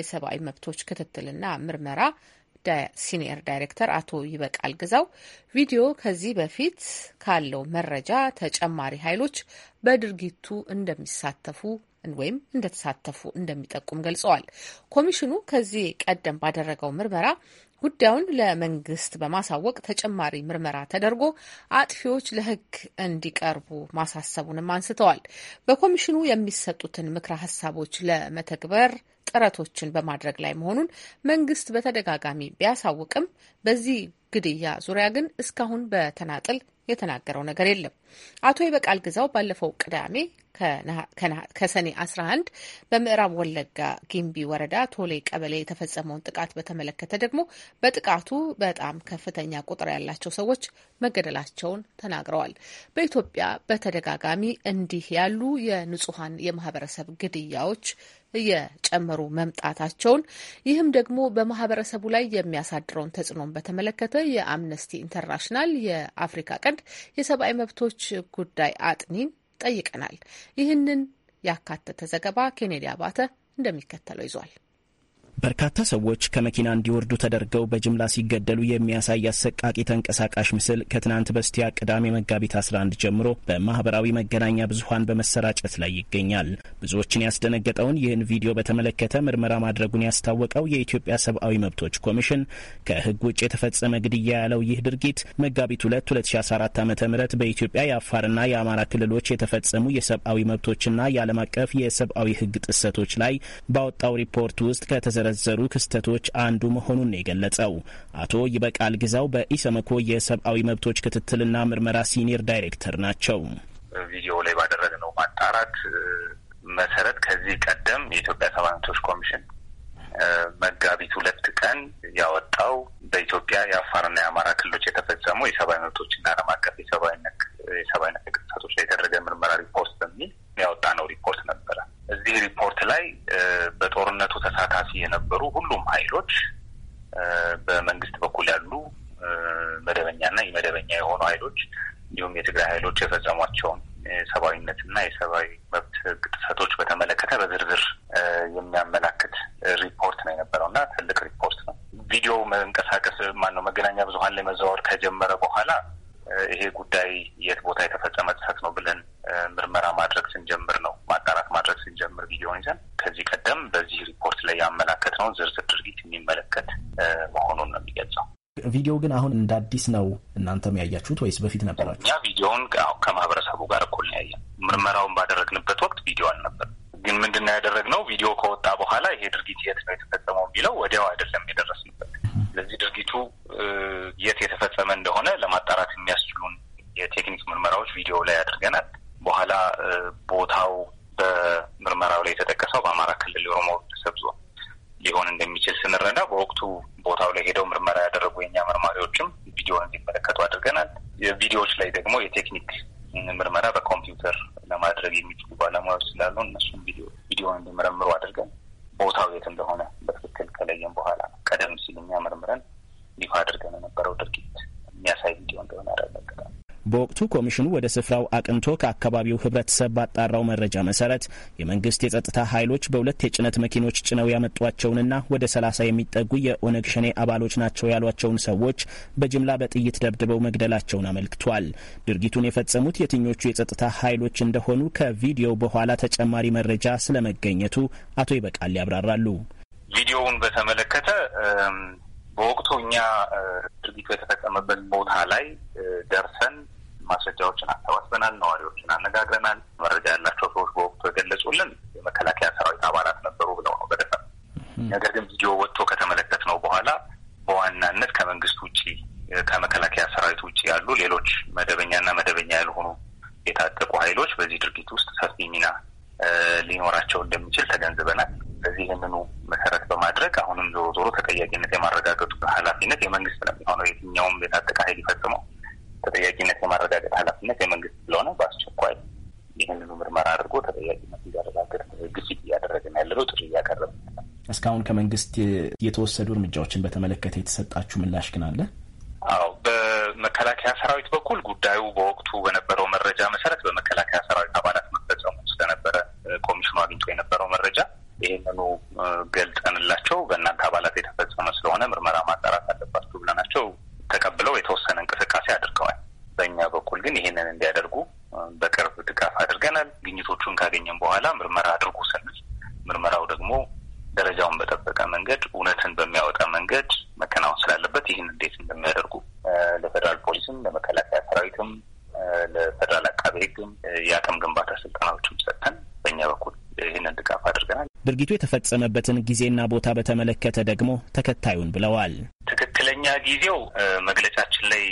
የሰብአዊ መብቶች ክትትልና ምርመራ ሲኒየር ዳይሬክተር አቶ ይበቃል ግዛው ቪዲዮ ከዚህ በፊት ካለው መረጃ ተጨማሪ ኃይሎች በድርጊቱ እንደሚሳተፉ ወይም እንደተሳተፉ እንደሚጠቁም ገልጸዋል። ኮሚሽኑ ከዚህ ቀደም ባደረገው ምርመራ ጉዳዩን ለመንግስት በማሳወቅ ተጨማሪ ምርመራ ተደርጎ አጥፊዎች ለህግ እንዲቀርቡ ማሳሰቡንም አንስተዋል። በኮሚሽኑ የሚሰጡትን ምክረ ሀሳቦች ለመተግበር ጥረቶችን በማድረግ ላይ መሆኑን መንግስት በተደጋጋሚ ቢያሳውቅም በዚህ ግድያ ዙሪያ ግን እስካሁን በተናጥል የተናገረው ነገር የለም። አቶ ይበቃል ግዛው ባለፈው ቅዳሜ ከሰኔ 11 በምዕራብ ወለጋ ጊምቢ ወረዳ ቶሌ ቀበሌ የተፈጸመውን ጥቃት በተመለከተ ደግሞ በጥቃቱ በጣም ከፍተኛ ቁጥር ያላቸው ሰዎች መገደላቸውን ተናግረዋል። በኢትዮጵያ በተደጋጋሚ እንዲህ ያሉ የንጹሐን የማህበረሰብ ግድያዎች እየጨመሩ መምጣታቸውን ይህም ደግሞ በማህበረሰቡ ላይ የሚያሳድረውን ተጽዕኖን በተመለከተ የአምነስቲ ኢንተርናሽናል የአፍሪካ ቀንድ የሰብአዊ መብቶች ጉዳይ አጥኒን ጠይቀናል። ይህንን ያካተተ ዘገባ ኬኔዲ አባተ እንደሚከተለው ይዟል። በርካታ ሰዎች ከመኪና እንዲወርዱ ተደርገው በጅምላ ሲገደሉ የሚያሳይ አሰቃቂ ተንቀሳቃሽ ምስል ከትናንት በስቲያ ቅዳሜ መጋቢት 11 ጀምሮ በማህበራዊ መገናኛ ብዙሀን በመሰራጨት ላይ ይገኛል። ብዙዎችን ያስደነገጠውን ይህን ቪዲዮ በተመለከተ ምርመራ ማድረጉን ያስታወቀው የኢትዮጵያ ሰብአዊ መብቶች ኮሚሽን ከህግ ውጭ የተፈጸመ ግድያ ያለው ይህ ድርጊት መጋቢት 2 2014 ዓ ም በኢትዮጵያ የአፋርና የአማራ ክልሎች የተፈጸሙ የሰብአዊ መብቶችና የዓለም አቀፍ የሰብአዊ ህግ ጥሰቶች ላይ ባወጣው ሪፖርት ውስጥ ከተዘረ ከተዘረዘሩ ክስተቶች አንዱ መሆኑን የገለጸው። አቶ ይበቃል ግዛው በኢሰመኮ የሰብአዊ መብቶች ክትትልና ምርመራ ሲኒየር ዳይሬክተር ናቸው። ቪዲዮ ላይ ባደረግነው ማጣራት መሰረት ከዚህ ቀደም የኢትዮጵያ ሰብአዊ መብቶች ኮሚሽን መጋቢት ሁለት ቀን ያወጣው በኢትዮጵያ የአፋርና የአማራ ክልሎች የተፈጸሙ የሰብአዊ መብቶችና ዓለም አቀፍ የሰብአዊነት የሰብአዊነት ጥሰቶች ላይ የተደረገ ምርመራ ሪፖርት በሚል ያወጣ ነው ሪፖርት ነበረ። እዚህ ሪፖርት ላይ በጦርነቱ ተሳታፊ የነበሩ ሁሉም ኃይሎች በመንግስት በኩል ያሉ መደበኛና የመደበኛ የሆኑ ኃይሎች እንዲሁም የትግራይ ኃይሎች የፈጸሟቸውን የሰብአዊነትና የሰብአዊ መብት ጥሰቶች በተመለከተ በዝርዝር የሚያመላክት ሪፖርት ነው የነበረው እና ትልቅ ሪፖርት ነው። ቪዲዮ መንቀሳቀስ ማነው መገናኛ ብዙኃን ላይ መዘዋወር ከጀመረ በኋላ ይሄ ጉዳይ የት ቦታ የተፈጸመ ጥሰት ነው ብለን ምርመራ ማድረግ ስንጀምር ነው ማጣራት ማድረግ ስንጀምር ቪዲዮን ይዘን ከዚህ ቀደም በዚህ ሪፖርት ላይ ያመላከት ነው ዝርዝር ድርጊት የሚመለከት መሆኑን ነው የሚገልጸው። ቪዲዮ ግን አሁን እንደ አዲስ ነው እናንተም ያያችሁት ወይስ በፊት ነበራችሁ? እኛ ቪዲዮውን ከማህበረሰቡ ጋር እኩል ነው ያየን። ምርመራውን ባደረግንበት ወቅት ቪዲዮ አልነበር። ግን ምንድን ነው ያደረግነው? ቪዲዮ ከወጣ በኋላ ይሄ ድርጊት የት ነው የተፈጸመው የሚለው ወዲያው አይደለም የደረስንበት። ስለዚህ ድርጊቱ የት የተፈጸመ እንደሆነ ለማጣራት የሚ ቪዲዮ ላይ አድርገናል። በኋላ ቦታው በምርመራው ላይ የተጠቀሰው በአማራ ኮሚሽኑ ወደ ስፍራው አቅንቶ ከአካባቢው ህብረተሰብ ባጣራው መረጃ መሰረት የመንግስት የጸጥታ ኃይሎች በሁለት የጭነት መኪኖች ጭነው ያመጧቸውንና ወደ ሰላሳ የሚጠጉ የኦነግ ሸኔ አባሎች ናቸው ያሏቸውን ሰዎች በጅምላ በጥይት ደብድበው መግደላቸውን አመልክቷል። ድርጊቱን የፈጸሙት የትኞቹ የጸጥታ ኃይሎች እንደሆኑ ከቪዲዮ በኋላ ተጨማሪ መረጃ ስለመገኘቱ አቶ ይበቃል ያብራራሉ። ቪዲዮውን በተመለከተ በወቅቱ እኛ ድርጊቱ የተፈጸመበት ቦታ ላይ ደርሰን ማስረጃዎችን አሰባስበናል። ነዋሪዎችን አነጋግረናል። መረጃ ያላቸው ሰዎች በወቅቱ የገለጹልን የመከላከያ ሰራዊት አባላት ነበሩ ብለው ነው በደፈ ነገር ግን ቪዲዮ ወጥቶ ከተመለከት ነው በኋላ በዋናነት ከመንግስት ውጭ ከመከላከያ ሰራዊት ውጭ ያሉ ሌሎች መደበኛና መደበኛ ያልሆኑ የታጠቁ ኃይሎች በዚህ ድርጊት ውስጥ ሰፊ ሚና ሊኖራቸው እንደሚችል ተገንዝበናል። ስለዚህ ይህንኑ መሰረት በማድረግ አሁንም ዞሮ ዞሮ ተጠያቂነት የማረጋገጡ ኃላፊነት የመንግስት ነው የሚሆነው የትኛውም የታጠቀ ኃይል ይፈጽመው ተጠያቂነት የማረጋገጥ ኃላፊነት የመንግስት ስለሆነ በአስቸኳይ ይህንኑ ምርመራ አድርጎ ተጠያቂነት እንዲያረጋግጥ ግፊት እያደረግን ያለነው ጥሪ እያቀረብ እስካሁን ከመንግስት የተወሰዱ እርምጃዎችን በተመለከተ የተሰጣችሁ ምላሽ ግን አለ? አዎ፣ በመከላከያ ሰራዊት በኩል ጉዳዩ በወቅቱ በነበረው መረጃ መሰረት በመከላከያ ሰራዊት አባላት መፈጸሙ ስለነበረ ኮሚሽኑ አግኝቶ የነበረው መረጃ ይህንኑ ገልጠንላቸው በእናንተ አባላት የተ ድርጊቱ የተፈጸመበትን ጊዜና ቦታ በተመለከተ ደግሞ ተከታዩን ብለዋል። ትክክለኛ ጊዜው መግለጫችን ላይ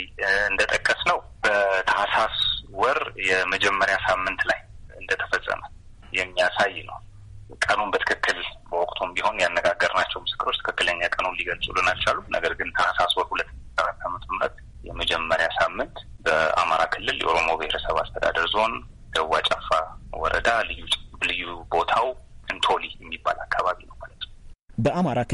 እንደጠቀስ ነው በታህሳስ ወር የመጀመሪያ ሳምንት ላይ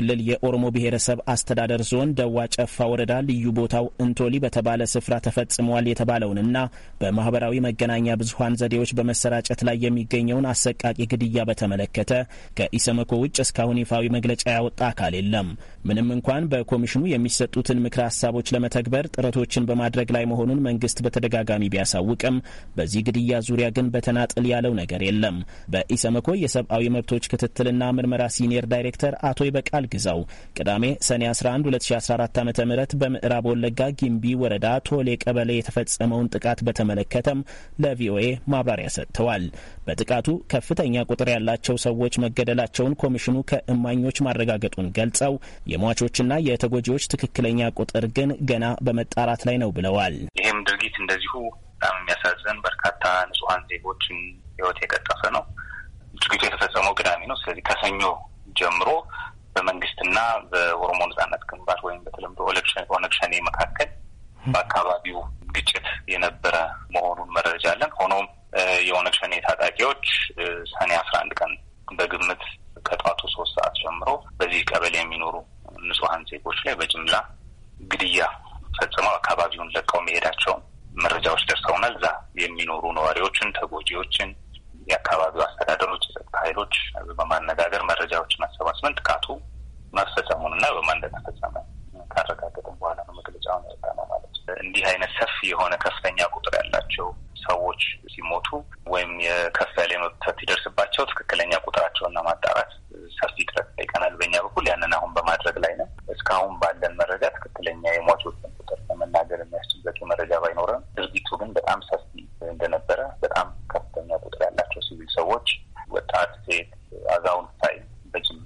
ክልል የኦሮሞ ብሔረሰብ አስተዳደር ዞን ደዋ ጨፋ ወረዳ ልዩ ቦታው እንቶሊ በተባለ ስፍራ ተፈጽሟል የተባለውንና በማህበራዊ መገናኛ ብዙሀን ዘዴዎች በመሰራጨት ላይ የሚገኘውን አሰቃቂ ግድያ በተመለከተ ከኢሰመኮ ውጭ እስካሁን ይፋዊ መግለጫ ያወጣ አካል የለም። ምንም እንኳን በኮሚሽኑ የሚሰጡትን ምክረ ሀሳቦች ለመተግበር ጥረቶችን በማድረግ ላይ መሆኑን መንግስት በተደጋጋሚ ቢያሳውቅም በዚህ ግድያ ዙሪያ ግን በተናጥል ያለው ነገር የለም። በኢሰመኮ የሰብአዊ መብቶች ክትትልና ምርመራ ሲኒየር ዳይሬክተር አቶ ይበቃል ተጋግዘው ቅዳሜ ሰኔ 11 2014 ዓ ም በምዕራብ ወለጋ ጊምቢ ወረዳ ቶሌ ቀበሌ የተፈጸመውን ጥቃት በተመለከተም ለቪኦኤ ማብራሪያ ሰጥተዋል። በጥቃቱ ከፍተኛ ቁጥር ያላቸው ሰዎች መገደላቸውን ኮሚሽኑ ከእማኞች ማረጋገጡን ገልጸው የሟቾችና የተጎጂዎች ትክክለኛ ቁጥር ግን ገና በመጣራት ላይ ነው ብለዋል። ይህም ድርጊት እንደዚሁ በጣም የሚያሳዝን በርካታ ንጹሐን ዜጎችን ህይወት የቀጠፈ ነው። ድርጊቱ የተፈጸመው ቅዳሜ ነው። ስለዚህ ከሰኞ ጀምሮ በመንግስትና በኦሮሞ ነጻነት ግንባር ወይም በተለምዶ ኦነግ ሸኔ መካከል በአካባቢው ግጭት የነበረ መሆኑን መረጃ አለን። ሆኖም የኦነግ ሸኔ ታጣቂዎች ሰኔ አስራ አንድ ቀን በግምት ከጠዋቱ ሶስት ሰዓት ጀምሮ በዚህ ቀበሌ የሚኖሩ ንጹሀን ዜጎች ላይ በጅምላ ግድያ ፈጽመው አካባቢውን ለቀው መሄዳቸውን መረጃዎች ደርሰውናል። እዛ የሚኖሩ ነዋሪዎችን፣ ተጎጂዎችን የአካባቢው አስተዳደሮች፣ የጸጥታ ኃይሎች በማነጋገር መረጃዎችን አሰባስበን ጥቃቱ መፈጸሙን መፈጸሙንና በማን እንደተፈጸመ ካረጋገጥን በኋላ ነው መግለጫውን ያወጣ ነው ማለት ነው። እንዲህ አይነት ሰፊ የሆነ ከፍተኛ ቁጥር ያላቸው ሰዎች ሲሞቱ ወይም የከፍ ያለ መብተት ሲደርስባቸው ትክክለኛ ቁጥራቸውና ማጣራት ሰፊ ጥረት ጠይቀናል። በእኛ በኩል ያንን አሁን በማድረግ ላይ ነው። እስካሁን ባለን መረጃ ትክክለኛ የሟቾችን ቁጥር ለመናገር የሚያስችል በቂ መረጃ ባይኖረም ድርጊቱ ግን በጣም ሰፊ እንደነበረ በጣም ከፍተኛ ቁጥር ሰዎች ወጣት፣ ሴት፣ አዛውንት ሳይል በጅም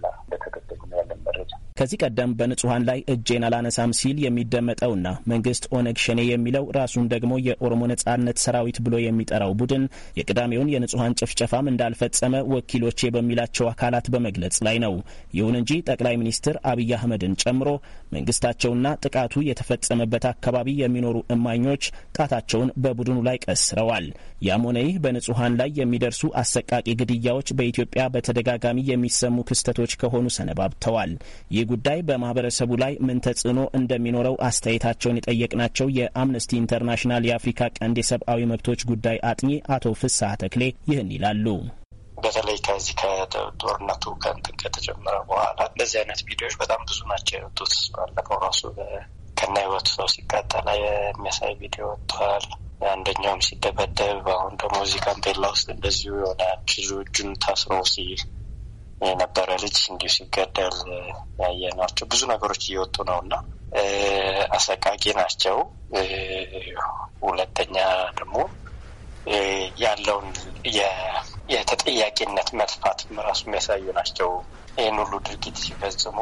ከዚህ ቀደም በንጹሐን ላይ እጄን አላነሳም ሲል የሚደመጠውና መንግስት ኦነግ ሸኔ የሚለው ራሱን ደግሞ የኦሮሞ ነጻነት ሰራዊት ብሎ የሚጠራው ቡድን የቅዳሜውን የንጹሐን ጭፍጨፋም እንዳልፈጸመ ወኪሎቼ በሚላቸው አካላት በመግለጽ ላይ ነው። ይሁን እንጂ ጠቅላይ ሚኒስትር አብይ አህመድን ጨምሮ መንግስታቸውና ጥቃቱ የተፈጸመበት አካባቢ የሚኖሩ እማኞች ጣታቸውን በቡድኑ ላይ ቀስረዋል። ያም ሆነ ይህ በንጹሐን ላይ የሚደርሱ አሰቃቂ ግድያዎች በኢትዮጵያ በተደጋጋሚ የሚሰሙ ክስተቶች ከሆኑ ሰነባብተዋል። ይህ ጉዳይ በማህበረሰቡ ላይ ምን ተጽዕኖ እንደሚኖረው አስተያየታቸውን የጠየቅናቸው የአምነስቲ ኢንተርናሽናል የአፍሪካ ቀንድ የሰብአዊ መብቶች ጉዳይ አጥኚ አቶ ፍስሐ ተክሌ ይህን ይላሉ። በተለይ ከዚህ ከጦርነቱ ከእንትን ከተጀመረ በኋላ እንደዚህ አይነት ቪዲዮዎች በጣም ብዙ ናቸው የወጡት። ባለፈው ራሱ ከና ህይወቱ ሰው ሲቃጠላ የሚያሳይ ቪዲዮ ወጥተዋል። አንደኛውም ሲደበደብ፣ አሁን ደግሞ እዚህ ካምፔላ ውስጥ እንደዚሁ የሆነ ብዙ እጁን ታስሮ የነበረ ልጅ እንዲሁ ሲገደል ናቸው። ብዙ ነገሮች እየወጡ ነው እና አሰቃቂ ናቸው። ሁለተኛ ደግሞ ያለውን የተጠያቂነት መጥፋት ራሱ የሚያሳዩ ናቸው። ይህን ሁሉ ድርጊት ሲፈጽሙ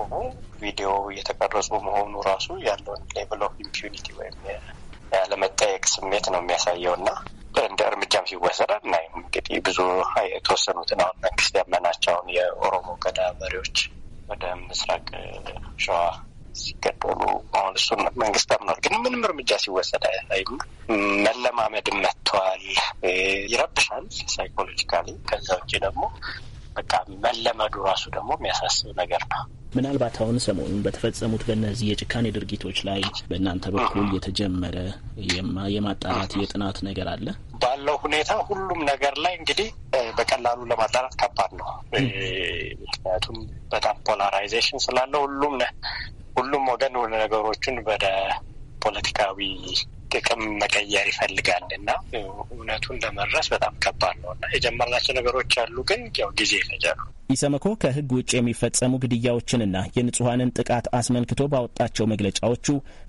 ቪዲዮ እየተቀረጹ መሆኑ ራሱ ያለውን ሌቭል ኦፍ ኢምፒዩኒቲ ወይም ያለመጠየቅ ስሜት ነው የሚያሳየው እና እንደ እርምጃ ሲወሰዳል እና እንግዲህ ብዙ የተወሰኑትን አሁን መንግስት ያመናቸውን የኦሮሞ ገዳ መሪዎች ወደ ምስራቅ ሸዋ ሲገደሉ አሁን እሱን መንግስት አምኗል። ግን ምንም እርምጃ ሲወሰድ አይም መለማመድ መጥተዋል። ይረብሻል ሳይኮሎጂካሊ። ከዛ ውጭ ደግሞ በቃ መለመዱ ራሱ ደግሞ የሚያሳስብ ነገር ነው። ምናልባት አሁን ሰሞኑን በተፈጸሙት በእነዚህ የጭካኔ ድርጊቶች ላይ በእናንተ በኩል የተጀመረ የማጣራት የጥናት ነገር አለ? ባለው ሁኔታ ሁሉም ነገር ላይ እንግዲህ በቀላሉ ለማጣራት ከባድ ነው። ምክንያቱም በጣም ፖላራይዜሽን ስላለ ሁሉም ሁሉም ወገን ነገሮችን ወደ ፖለቲካዊ ጥቅም መቀየር ይፈልጋል እና እውነቱን ለመድረስ በጣም ከባድ ነው እና የጀመርናቸው ነገሮች አሉ፣ ግን ያው ጊዜ ይፈጃሉ። ኢሰመኮ ከህግ ውጭ የሚፈጸሙ ግድያዎችንና የንጹሐንን ጥቃት አስመልክቶ ባወጣቸው መግለጫዎቹ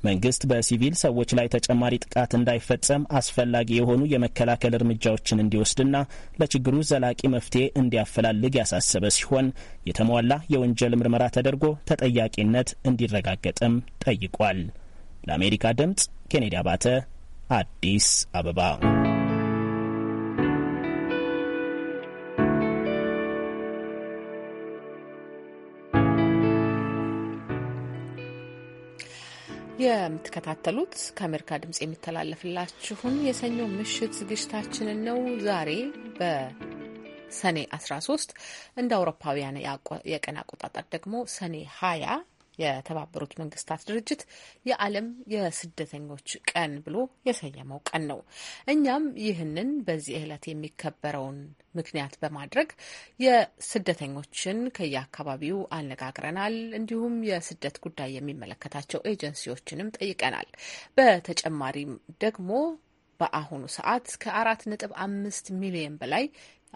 መንግስት በሲቪል ሰዎች ላይ ተጨማሪ ጥቃት እንዳይፈጸም አስፈላጊ የሆኑ የመከላከል እርምጃዎችን እንዲወስድና ለችግሩ ዘላቂ መፍትሄ እንዲያፈላልግ ያሳሰበ ሲሆን የተሟላ የወንጀል ምርመራ ተደርጎ ተጠያቂነት እንዲረጋገጥም ጠይቋል። ለአሜሪካ ድምጽ ኬኔዲ አባተ አዲስ አበባ። የምትከታተሉት ከአሜሪካ ድምጽ የሚተላለፍላችሁን የሰኞ ምሽት ዝግጅታችንን ነው። ዛሬ በሰኔ 13 እንደ አውሮፓውያን የቀን አቆጣጠር ደግሞ ሰኔ 20 የተባበሩት መንግስታት ድርጅት የዓለም የስደተኞች ቀን ብሎ የሰየመው ቀን ነው። እኛም ይህንን በዚህ ዕለት የሚከበረውን ምክንያት በማድረግ የስደተኞችን ከየአካባቢው አነጋግረናል። እንዲሁም የስደት ጉዳይ የሚመለከታቸው ኤጀንሲዎችንም ጠይቀናል። በተጨማሪም ደግሞ በአሁኑ ሰዓት ከአራት ነጥብ አምስት ሚሊዮን በላይ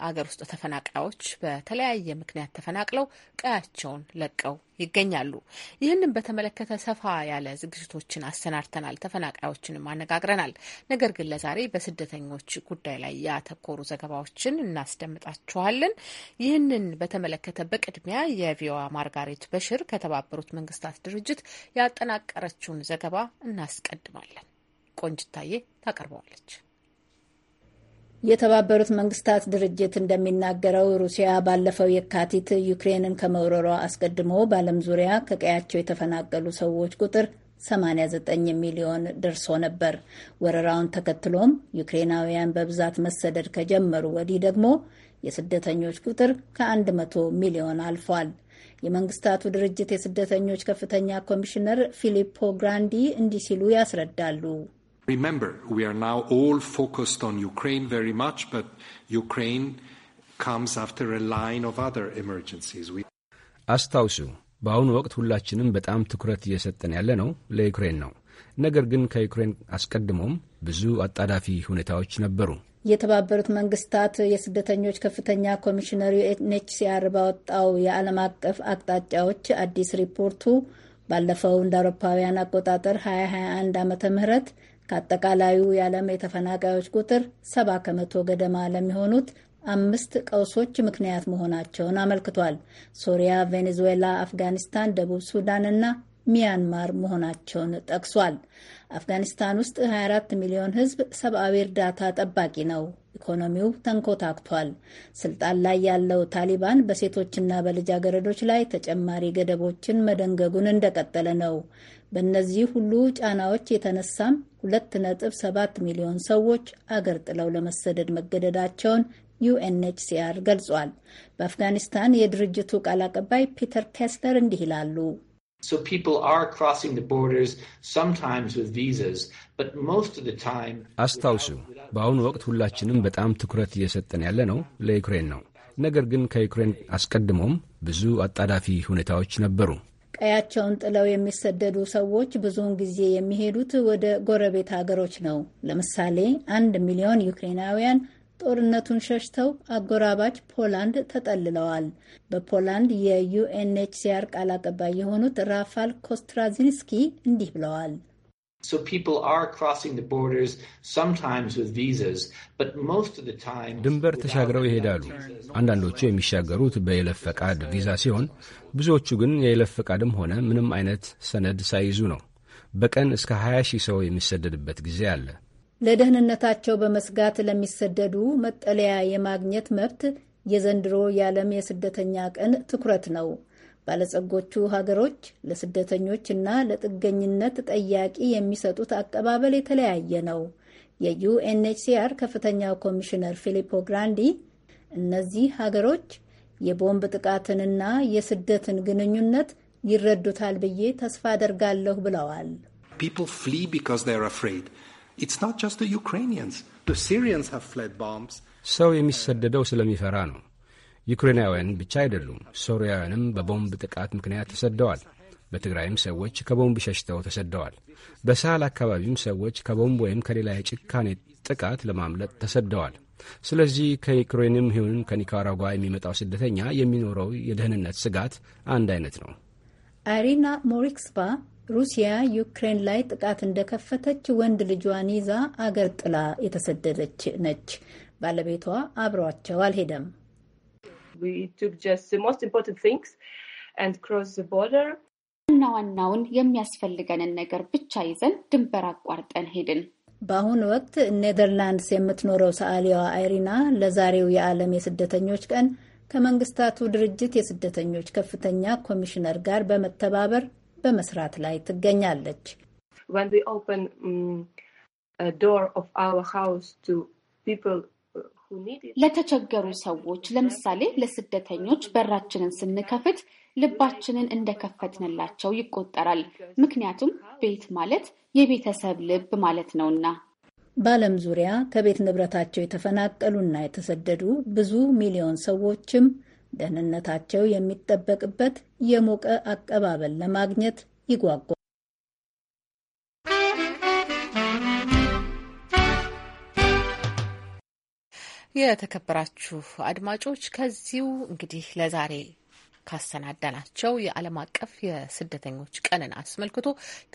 አገር ውስጥ ተፈናቃዮች በተለያየ ምክንያት ተፈናቅለው ቀያቸውን ለቀው ይገኛሉ። ይህንን በተመለከተ ሰፋ ያለ ዝግጅቶችን አሰናድተናል። ተፈናቃዮችንም አነጋግረናል። ነገር ግን ለዛሬ በስደተኞች ጉዳይ ላይ ያተኮሩ ዘገባዎችን እናስደምጣችኋለን። ይህንን በተመለከተ በቅድሚያ የቪዋ ማርጋሬት በሽር ከተባበሩት መንግስታት ድርጅት ያጠናቀረችውን ዘገባ እናስቀድማለን። ቆንጅታዬ ታቀርበዋለች። የተባበሩት መንግስታት ድርጅት እንደሚናገረው ሩሲያ ባለፈው የካቲት ዩክሬንን ከመውረሯ አስቀድሞ በዓለም ዙሪያ ከቀያቸው የተፈናቀሉ ሰዎች ቁጥር 89 ሚሊዮን ደርሶ ነበር። ወረራውን ተከትሎም ዩክሬናውያን በብዛት መሰደድ ከጀመሩ ወዲህ ደግሞ የስደተኞች ቁጥር ከ100 ሚሊዮን አልፏል። የመንግስታቱ ድርጅት የስደተኞች ከፍተኛ ኮሚሽነር ፊሊፖ ግራንዲ እንዲህ ሲሉ ያስረዳሉ። Remember, we are now all focused on Ukraine very much, but Ukraine comes after a line of other emergencies. We... አስታውሱ በአሁኑ ወቅት ሁላችንም በጣም ትኩረት እየሰጠን ያለ ነው ለዩክሬን ነው። ነገር ግን ከዩክሬን አስቀድሞም ብዙ አጣዳፊ ሁኔታዎች ነበሩ። የተባበሩት መንግስታት የስደተኞች ከፍተኛ ኮሚሽነር ዩኤንኤችሲአር ባወጣው የዓለም አቀፍ አቅጣጫዎች አዲስ ሪፖርቱ ባለፈው እንደ አውሮፓውያን አቆጣጠር 2021 ዓመተ ም ከአጠቃላዩ የዓለም የተፈናቃዮች ቁጥር ሰባ ከመቶ ገደማ ለሚሆኑት አምስት ቀውሶች ምክንያት መሆናቸውን አመልክቷል። ሶሪያ፣ ቬኔዙዌላ፣ አፍጋኒስታን፣ ደቡብ ሱዳን እና ሚያንማር መሆናቸውን ጠቅሷል። አፍጋኒስታን ውስጥ 24 ሚሊዮን ሕዝብ ሰብአዊ እርዳታ ጠባቂ ነው። ኢኮኖሚው ተንኮታክቷል። ስልጣን ላይ ያለው ታሊባን በሴቶችና በልጃገረዶች ላይ ተጨማሪ ገደቦችን መደንገጉን እንደቀጠለ ነው። በእነዚህ ሁሉ ጫናዎች የተነሳም 2.7 ሚሊዮን ሰዎች አገር ጥለው ለመሰደድ መገደዳቸውን ዩኤንኤችሲአር ገልጿል። በአፍጋኒስታን የድርጅቱ ቃል አቀባይ ፒተር ኬስለር እንዲህ ይላሉ። አስታውሱ፣ በአሁኑ ወቅት ሁላችንም በጣም ትኩረት እየሰጠን ያለ ነው ለዩክሬን ነው። ነገር ግን ከዩክሬን አስቀድሞም ብዙ አጣዳፊ ሁኔታዎች ነበሩ። ቀያቸውን ጥለው የሚሰደዱ ሰዎች ብዙውን ጊዜ የሚሄዱት ወደ ጎረቤት ሀገሮች ነው። ለምሳሌ አንድ ሚሊዮን ዩክሬናውያን ጦርነቱን ሸሽተው አጎራባች ፖላንድ ተጠልለዋል። በፖላንድ የዩኤንኤችሲአር ቃል አቀባይ የሆኑት ራፋል ኮስትራዚንስኪ እንዲህ ብለዋል። So ድንበር ተሻግረው ይሄዳሉ። አንዳንዶቹ የሚሻገሩት በይለፍ ፈቃድ ቪዛ ሲሆን ብዙዎቹ ግን የይለፍ ፈቃድም ሆነ ምንም አይነት ሰነድ ሳይይዙ ነው። በቀን እስከ 20 ሺህ ሰው የሚሰደድበት ጊዜ አለ። ለደህንነታቸው በመስጋት ለሚሰደዱ መጠለያ የማግኘት መብት የዘንድሮ የዓለም የስደተኛ ቀን ትኩረት ነው። ባለጸጎቹ ሀገሮች ለስደተኞች እና ለጥገኝነት ጠያቂ የሚሰጡት አቀባበል የተለያየ ነው። የዩኤንኤችሲአር ከፍተኛ ኮሚሽነር ፊሊፖ ግራንዲ እነዚህ ሀገሮች የቦምብ ጥቃትንና የስደትን ግንኙነት ይረዱታል ብዬ ተስፋ አደርጋለሁ ብለዋል። ሰው የሚሰደደው ስለሚፈራ ነው። ዩክሬናውያን ብቻ አይደሉም፣ ሶርያውያንም በቦምብ ጥቃት ምክንያት ተሰደዋል። በትግራይም ሰዎች ከቦምብ ሸሽተው ተሰደዋል። በሳህል አካባቢም ሰዎች ከቦምብ ወይም ከሌላ የጭካኔ ጥቃት ለማምለጥ ተሰደዋል። ስለዚህ ከዩክሬንም ይሁን ከኒካራጓ የሚመጣው ስደተኛ የሚኖረው የደህንነት ስጋት አንድ አይነት ነው። አሪና ሞሪክስባ ሩሲያ ዩክሬን ላይ ጥቃት እንደከፈተች ወንድ ልጇን ይዛ አገር ጥላ የተሰደደች ነች። ባለቤቷ አብሯቸው አልሄደም። We took just the most important things and crossed the border. ዋና ዋናውን የሚያስፈልገንን ነገር ብቻ ይዘን ድንበር አቋርጠን ሄድን። በአሁኑ ወቅት ኔዘርላንድስ የምትኖረው ሰዓሊዋ አይሪና ለዛሬው የዓለም የስደተኞች ቀን ከመንግስታቱ ድርጅት የስደተኞች ከፍተኛ ኮሚሽነር ጋር በመተባበር በመስራት ላይ ትገኛለች። When we open um, a door of our house to people ለተቸገሩ ሰዎች ለምሳሌ ለስደተኞች በራችንን ስንከፍት ልባችንን እንደከፈትንላቸው ይቆጠራል። ምክንያቱም ቤት ማለት የቤተሰብ ልብ ማለት ነውና። በዓለም ዙሪያ ከቤት ንብረታቸው የተፈናቀሉና የተሰደዱ ብዙ ሚሊዮን ሰዎችም ደህንነታቸው የሚጠበቅበት የሞቀ አቀባበል ለማግኘት ይጓጓል። የተከበራችሁ አድማጮች ከዚሁ እንግዲህ ለዛሬ ካሰናዳናቸው የዓለም አቀፍ የስደተኞች ቀንን አስመልክቶ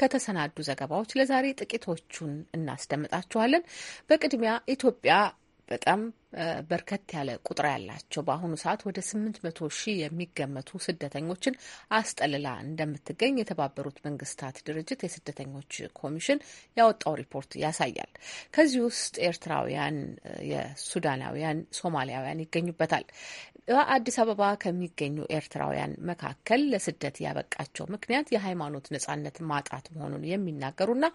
ከተሰናዱ ዘገባዎች ለዛሬ ጥቂቶቹን እናስደምጣችኋለን። በቅድሚያ ኢትዮጵያ በጣም በርከት ያለ ቁጥር ያላቸው በአሁኑ ሰዓት ወደ ስምንት መቶ ሺህ የሚገመቱ ስደተኞችን አስጠልላ እንደምትገኝ የተባበሩት መንግስታት ድርጅት የስደተኞች ኮሚሽን ያወጣው ሪፖርት ያሳያል። ከዚህ ውስጥ ኤርትራውያን፣ የሱዳናውያን፣ ሶማሊያውያን ይገኙበታል። በአዲስ አበባ ከሚገኙ ኤርትራውያን መካከል ለስደት ያበቃቸው ምክንያት የሃይማኖት ነጻነት ማጣት መሆኑን የሚናገሩና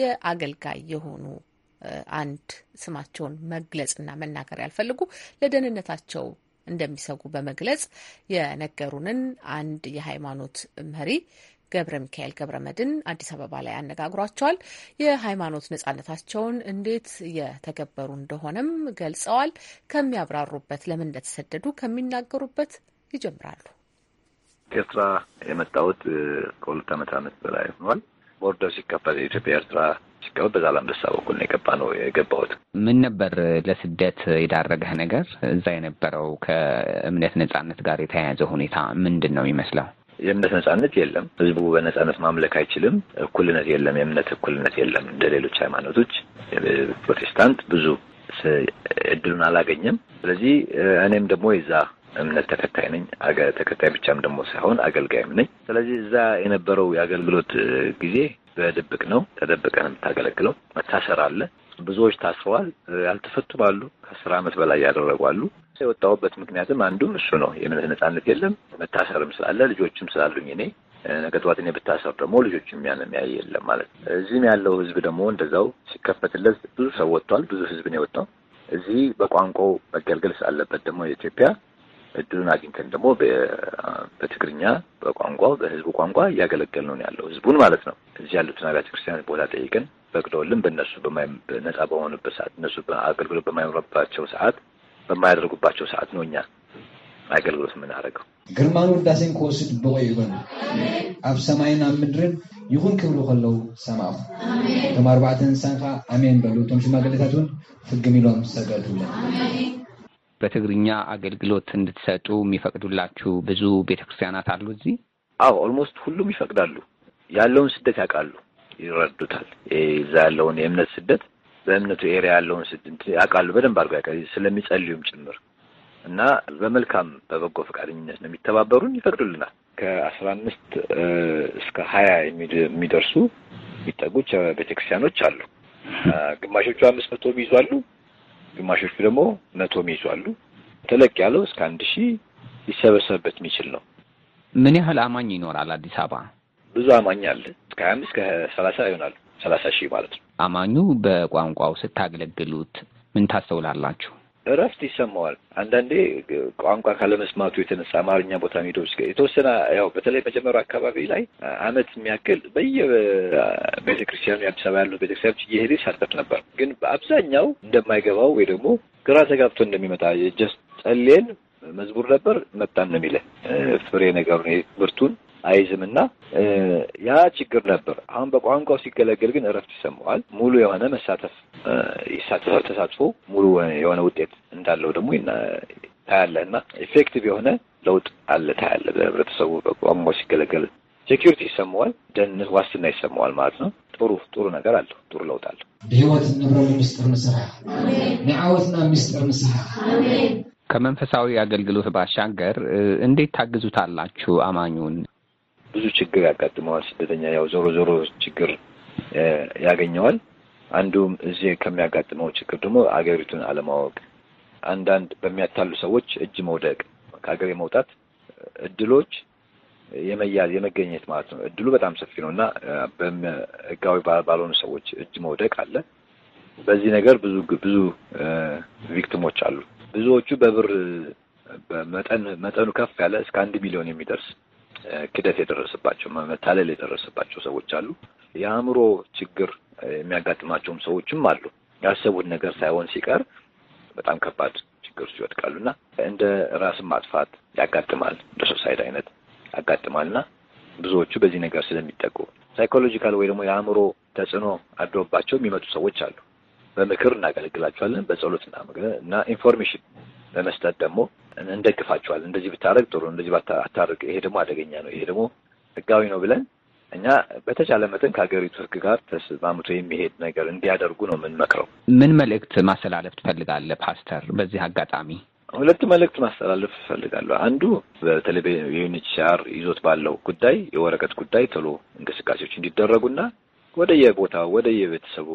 የአገልጋይ የሆኑ አንድ ስማቸውን መግለጽና መናገር ያልፈልጉ ለደህንነታቸው እንደሚሰጉ በመግለጽ የነገሩንን አንድ የሃይማኖት መሪ ገብረ ሚካኤል ገብረ መድን አዲስ አበባ ላይ አነጋግሯቸዋል። የሃይማኖት ነጻነታቸውን እንዴት እየተገበሩ እንደሆነም ገልጸዋል። ከሚያብራሩበት፣ ለምን እንደተሰደዱ ከሚናገሩበት ይጀምራሉ። ኤርትራ የመጣሁት ከሁለት ዓመት ዓመት በላይ ሆኗል። ቦርደር ሲከፈት የኢትዮጵያ ኤርትራ ኢትዮጵያ በዛ ላምበሳ በኩል ነው የገባ ነው የገባሁት። ምን ነበር ለስደት የዳረገህ ነገር? እዛ የነበረው ከእምነት ነጻነት ጋር የተያያዘ ሁኔታ ምንድን ነው የሚመስለው? የእምነት ነጻነት የለም። ህዝቡ በነጻነት ማምለክ አይችልም። እኩልነት የለም። የእምነት እኩልነት የለም። እንደ ሌሎች ሃይማኖቶች ፕሮቴስታንት ብዙ እድሉን አላገኘም። ስለዚህ እኔም ደግሞ የዛ እምነት ተከታይ ነኝ። ተከታይ ብቻም ደግሞ ሳይሆን አገልጋይም ነኝ። ስለዚህ እዛ የነበረው የአገልግሎት ጊዜ በድብቅ ነው ተደብቀን የምታገለግለው። መታሰር አለ። ብዙዎች ታስረዋል፣ ያልተፈቱም አሉ። ከአስር ዓመት በላይ ያደረጉ አሉ። የወጣሁበት ምክንያትም አንዱም እሱ ነው። የእምነት ነጻነት የለም። መታሰርም ስላለ ልጆችም ስላሉኝ እኔ ነገ ጠዋት እኔ ብታሰር ደግሞ ልጆች ያን የሚያይ የለም ማለት ነው። እዚህም ያለው ህዝብ ደግሞ እንደዛው ሲከፈትለት ብዙ ሰው ወጥቷል። ብዙ ህዝብ ነው የወጣው። እዚህ በቋንቋው መገልገል ስላለበት ደግሞ የኢትዮጵያ እድሉን አግኝተን ደግሞ በትግርኛ በቋንቋው በህዝቡ ቋንቋ እያገለገል ነው ያለው ህዝቡን ማለት ነው። እዚህ ያሉትን አብያተ ክርስቲያኖች ቦታ ጠይቀን ፈቅደውልን በእነሱ ነጻ በሆኑበት ሰዓት እነሱ አገልግሎት በማይኖርባቸው ሰዓት በማያደርጉባቸው ሰዓት ነው እኛ አገልግሎት የምናደርገው። ግርማን ውዳሴን ክወስድ ብቆ ይበሉ ኣብ ሰማይን ኣብ ምድርን ይሁን ክብሉ ከለው ሰማኹ እቶም ኣርባዕተ እንስሳን ከዓ ኣሜን በሉ እቶም ሽማግሌታት እውን ፍግም ኢሎም ሰገዱለን በትግርኛ አገልግሎት እንድትሰጡ የሚፈቅዱላችሁ ብዙ ቤተ ክርስቲያናት አሉ እዚህ? አዎ ኦልሞስት ሁሉም ይፈቅዳሉ። ያለውን ስደት ያውቃሉ፣ ይረዱታል። እዛ ያለውን የእምነት ስደት በእምነቱ ኤሪያ ያለውን ስደት ያውቃሉ በደንብ አድርገው ያውቃሉ፣ ስለሚጸልዩም ጭምር እና በመልካም በበጎ ፈቃደኝነት ነው የሚተባበሩን፣ ይፈቅዱልናል። ከአስራ አምስት እስከ ሀያ የሚደርሱ የሚጠጉ ቤተክርስቲያኖች አሉ። ግማሾቹ አምስት መቶ ቢይዙ አሉ ግማሾቹ ደግሞ መቶ የሚይዙ አሉ። ተለቅ ያለው እስከ አንድ ሺህ ሊሰበሰብበት የሚችል ነው። ምን ያህል አማኝ ይኖራል አዲስ አበባ? ብዙ አማኝ አለ። እስከ ሀያ አምስት ከሰላሳ ይሆናሉ። ሰላሳ ሺህ ማለት ነው። አማኙ በቋንቋው ስታገለግሉት ምን ታስተውላላችሁ? እረፍት ይሰማዋል። አንዳንዴ ቋንቋ ካለመስማቱ የተነሳ አማርኛ ቦታ ሄዶ የተወሰነ ያው በተለይ መጀመሪያው አካባቢ ላይ አመት የሚያክል በየ ቤተክርስቲያኑ የአዲስ አበባ ያሉት ቤተክርስቲያኖች እየሄደ ይሳተፍ ነበር። ግን በአብዛኛው እንደማይገባው ወይ ደግሞ ግራ ተጋብቶ እንደሚመጣ የጀስ ጸልየን መዝሙር ነበር መጣን ነው የሚለን ፍሬ ነገሩን ብርቱን አይዝም እና ያ ችግር ነበር። አሁን በቋንቋው ሲገለገል ግን እረፍት ይሰማዋል። ሙሉ የሆነ መሳተፍ ይሳተፋል። ተሳትፎ ሙሉ የሆነ ውጤት እንዳለው ደግሞ ታያለ እና ኤፌክቲቭ የሆነ ለውጥ አለ ታያለ። በህብረተሰቡ በቋንቋው ሲገለገል ሴኪሪቲ ይሰማዋል፣ ደህንነት ዋስትና ይሰማዋል ማለት ነው። ጥሩ ጥሩ ነገር አለው። ጥሩ ለውጥ አለው። ብህይወት ንብረሉ ምስጢር ንስሐ ንዓወትና ምስጢር ንስሐ ከመንፈሳዊ አገልግሎት ባሻገር እንዴት ታግዙታላችሁ አማኙን? ብዙ ችግር ያጋጥመዋል። ስደተኛ ያው ዞሮ ዞሮ ችግር ያገኘዋል። አንዱም እዚህ ከሚያጋጥመው ችግር ደግሞ አገሪቱን አለማወቅ፣ አንዳንድ በሚያታሉ ሰዎች እጅ መውደቅ፣ ከሀገር የመውጣት እድሎች የመያዝ የመገኘት ማለት ነው። እድሉ በጣም ሰፊ ነው እና ህጋዊ ባልሆኑ ሰዎች እጅ መውደቅ አለ። በዚህ ነገር ብዙ ብዙ ቪክቲሞች አሉ። ብዙዎቹ በብር መጠኑ ከፍ ያለ እስከ አንድ ሚሊዮን የሚደርስ ክደት የደረሰባቸው መታለል የደረሰባቸው ሰዎች አሉ። የአእምሮ ችግር የሚያጋጥማቸውም ሰዎችም አሉ። ያሰቡት ነገር ሳይሆን ሲቀር በጣም ከባድ ችግር ውስጥ ይወድቃሉ እና እንደ ራስን ማጥፋት ያጋጥማል፣ እንደ ሶሳይድ አይነት ያጋጥማል እና ብዙዎቹ በዚህ ነገር ስለሚጠቁ ሳይኮሎጂካል ወይ ደግሞ የአእምሮ ተጽዕኖ አድሮባቸው የሚመጡ ሰዎች አሉ። በምክር እናገለግላቸዋለን፣ በጸሎት እና ኢንፎርሜሽን በመስጠት ደግሞ እንደግፋቸዋለን። እንደዚህ ብታደርግ ጥሩ፣ እንደዚህ ባታደርግ፣ ይሄ ደግሞ አደገኛ ነው፣ ይሄ ደግሞ ህጋዊ ነው ብለን እኛ በተቻለ መጠን ከሀገሪቱ ህግ ጋር ተስማምቶ የሚሄድ ነገር እንዲያደርጉ ነው የምንመክረው። ምን መልእክት ማስተላለፍ ትፈልጋለህ ፓስተር? በዚህ አጋጣሚ ሁለት መልእክት ማስተላለፍ እፈልጋለሁ። አንዱ በተለይ ይዞት ባለው ጉዳይ የወረቀት ጉዳይ ቶሎ እንቅስቃሴዎች እንዲደረጉና ወደ የቦታው ወደ የቤተሰቡ